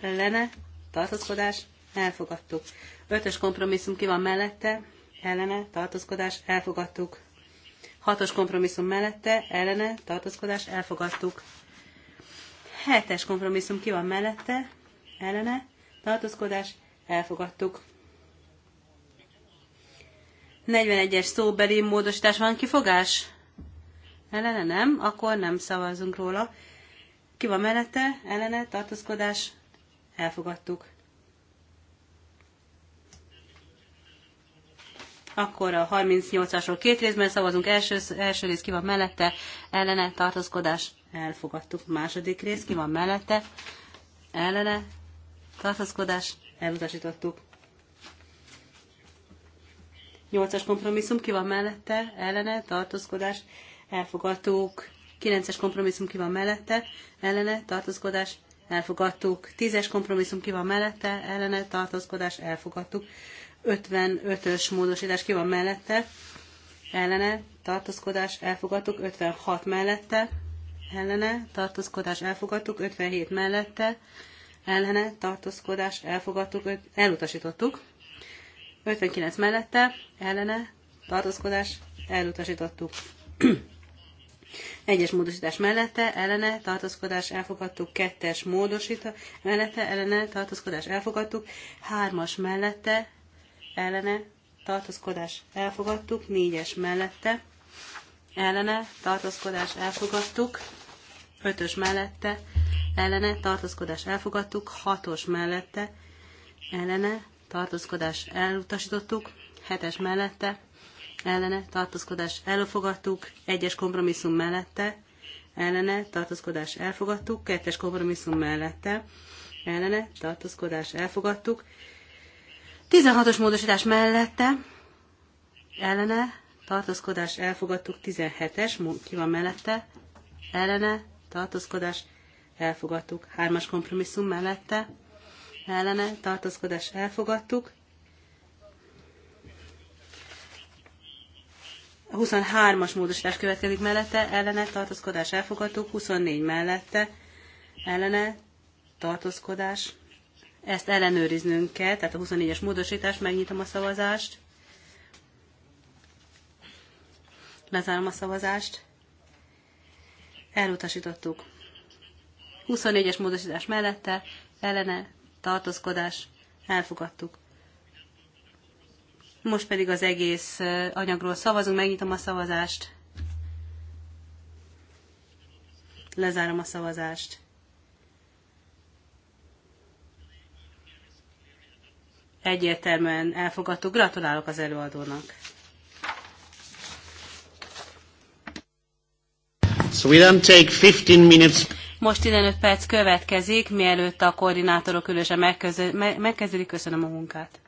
B: Ellene tartózkodás elfogadtuk. Ötös kompromisszum ki van mellette. Ellene tartózkodás elfogadtuk. Hatos kompromisszum mellette, ellene, tartózkodás, elfogadtuk. Hetes kompromisszum ki van mellette, ellene, tartózkodás, elfogadtuk. 41-es szóbeli módosítás van kifogás? Ellene nem, akkor nem szavazunk róla. Ki van mellette, ellene, tartózkodás, elfogadtuk. Akkor a 38-asról két részben szavazunk. Első, első rész ki van mellette, ellene, tartózkodás, elfogadtuk. Második rész ki van mellette, ellene, tartózkodás, elutasítottuk. 8-as kompromisszum ki van mellette, ellene, tartózkodás, elfogadtuk. 9-es kompromisszum ki van mellette, ellene, tartózkodás, elfogadtuk. 10-es kompromisszum ki van mellette, ellene, tartózkodás, elfogadtuk. 55-ös módosítás ki van mellette, ellene, tartózkodás, elfogadtuk, 56 mellette, ellene, tartózkodás, elfogadtuk, 57 mellette, ellene, tartózkodás, elfogadtuk, elutasítottuk, 59 mellette, ellene, tartózkodás, elutasítottuk. Egyes módosítás mellette, ellene, tartózkodás, elfogadtuk, kettes módosítás mellette, ellene, tartózkodás, elfogadtuk, hármas mellette, ellene tartózkodás elfogadtuk, négyes mellette ellene tartózkodás elfogadtuk, ötös mellette ellene tartózkodás elfogadtuk, hatos mellette ellene tartózkodás elutasítottuk, hetes mellette ellene tartózkodás elfogadtuk, egyes kompromisszum mellette ellene tartózkodás elfogadtuk, kettes kompromisszum mellette ellene tartózkodás elfogadtuk, 16-os módosítás mellette ellene tartózkodás elfogadtuk, 17-es ki van mellette ellene tartózkodás elfogadtuk, 3-as kompromisszum mellette ellene tartózkodás elfogadtuk, 23-as módosítás következik mellette, ellene tartózkodás elfogadtuk, 24 mellette ellene tartózkodás ezt ellenőriznünk kell, tehát a 24-es módosítást, megnyitom a szavazást. Lezárom a szavazást. Elutasítottuk. 24-es módosítás mellette, ellene, tartózkodás, elfogadtuk. Most pedig az egész anyagról szavazunk, megnyitom a szavazást. Lezárom a szavazást. egyértelműen elfogadtuk. Gratulálok az előadónak.
A: So we don't take 15 minutes.
B: Most 15 perc következik, mielőtt a koordinátorok ülése megkezdődik. Köszönöm a munkát.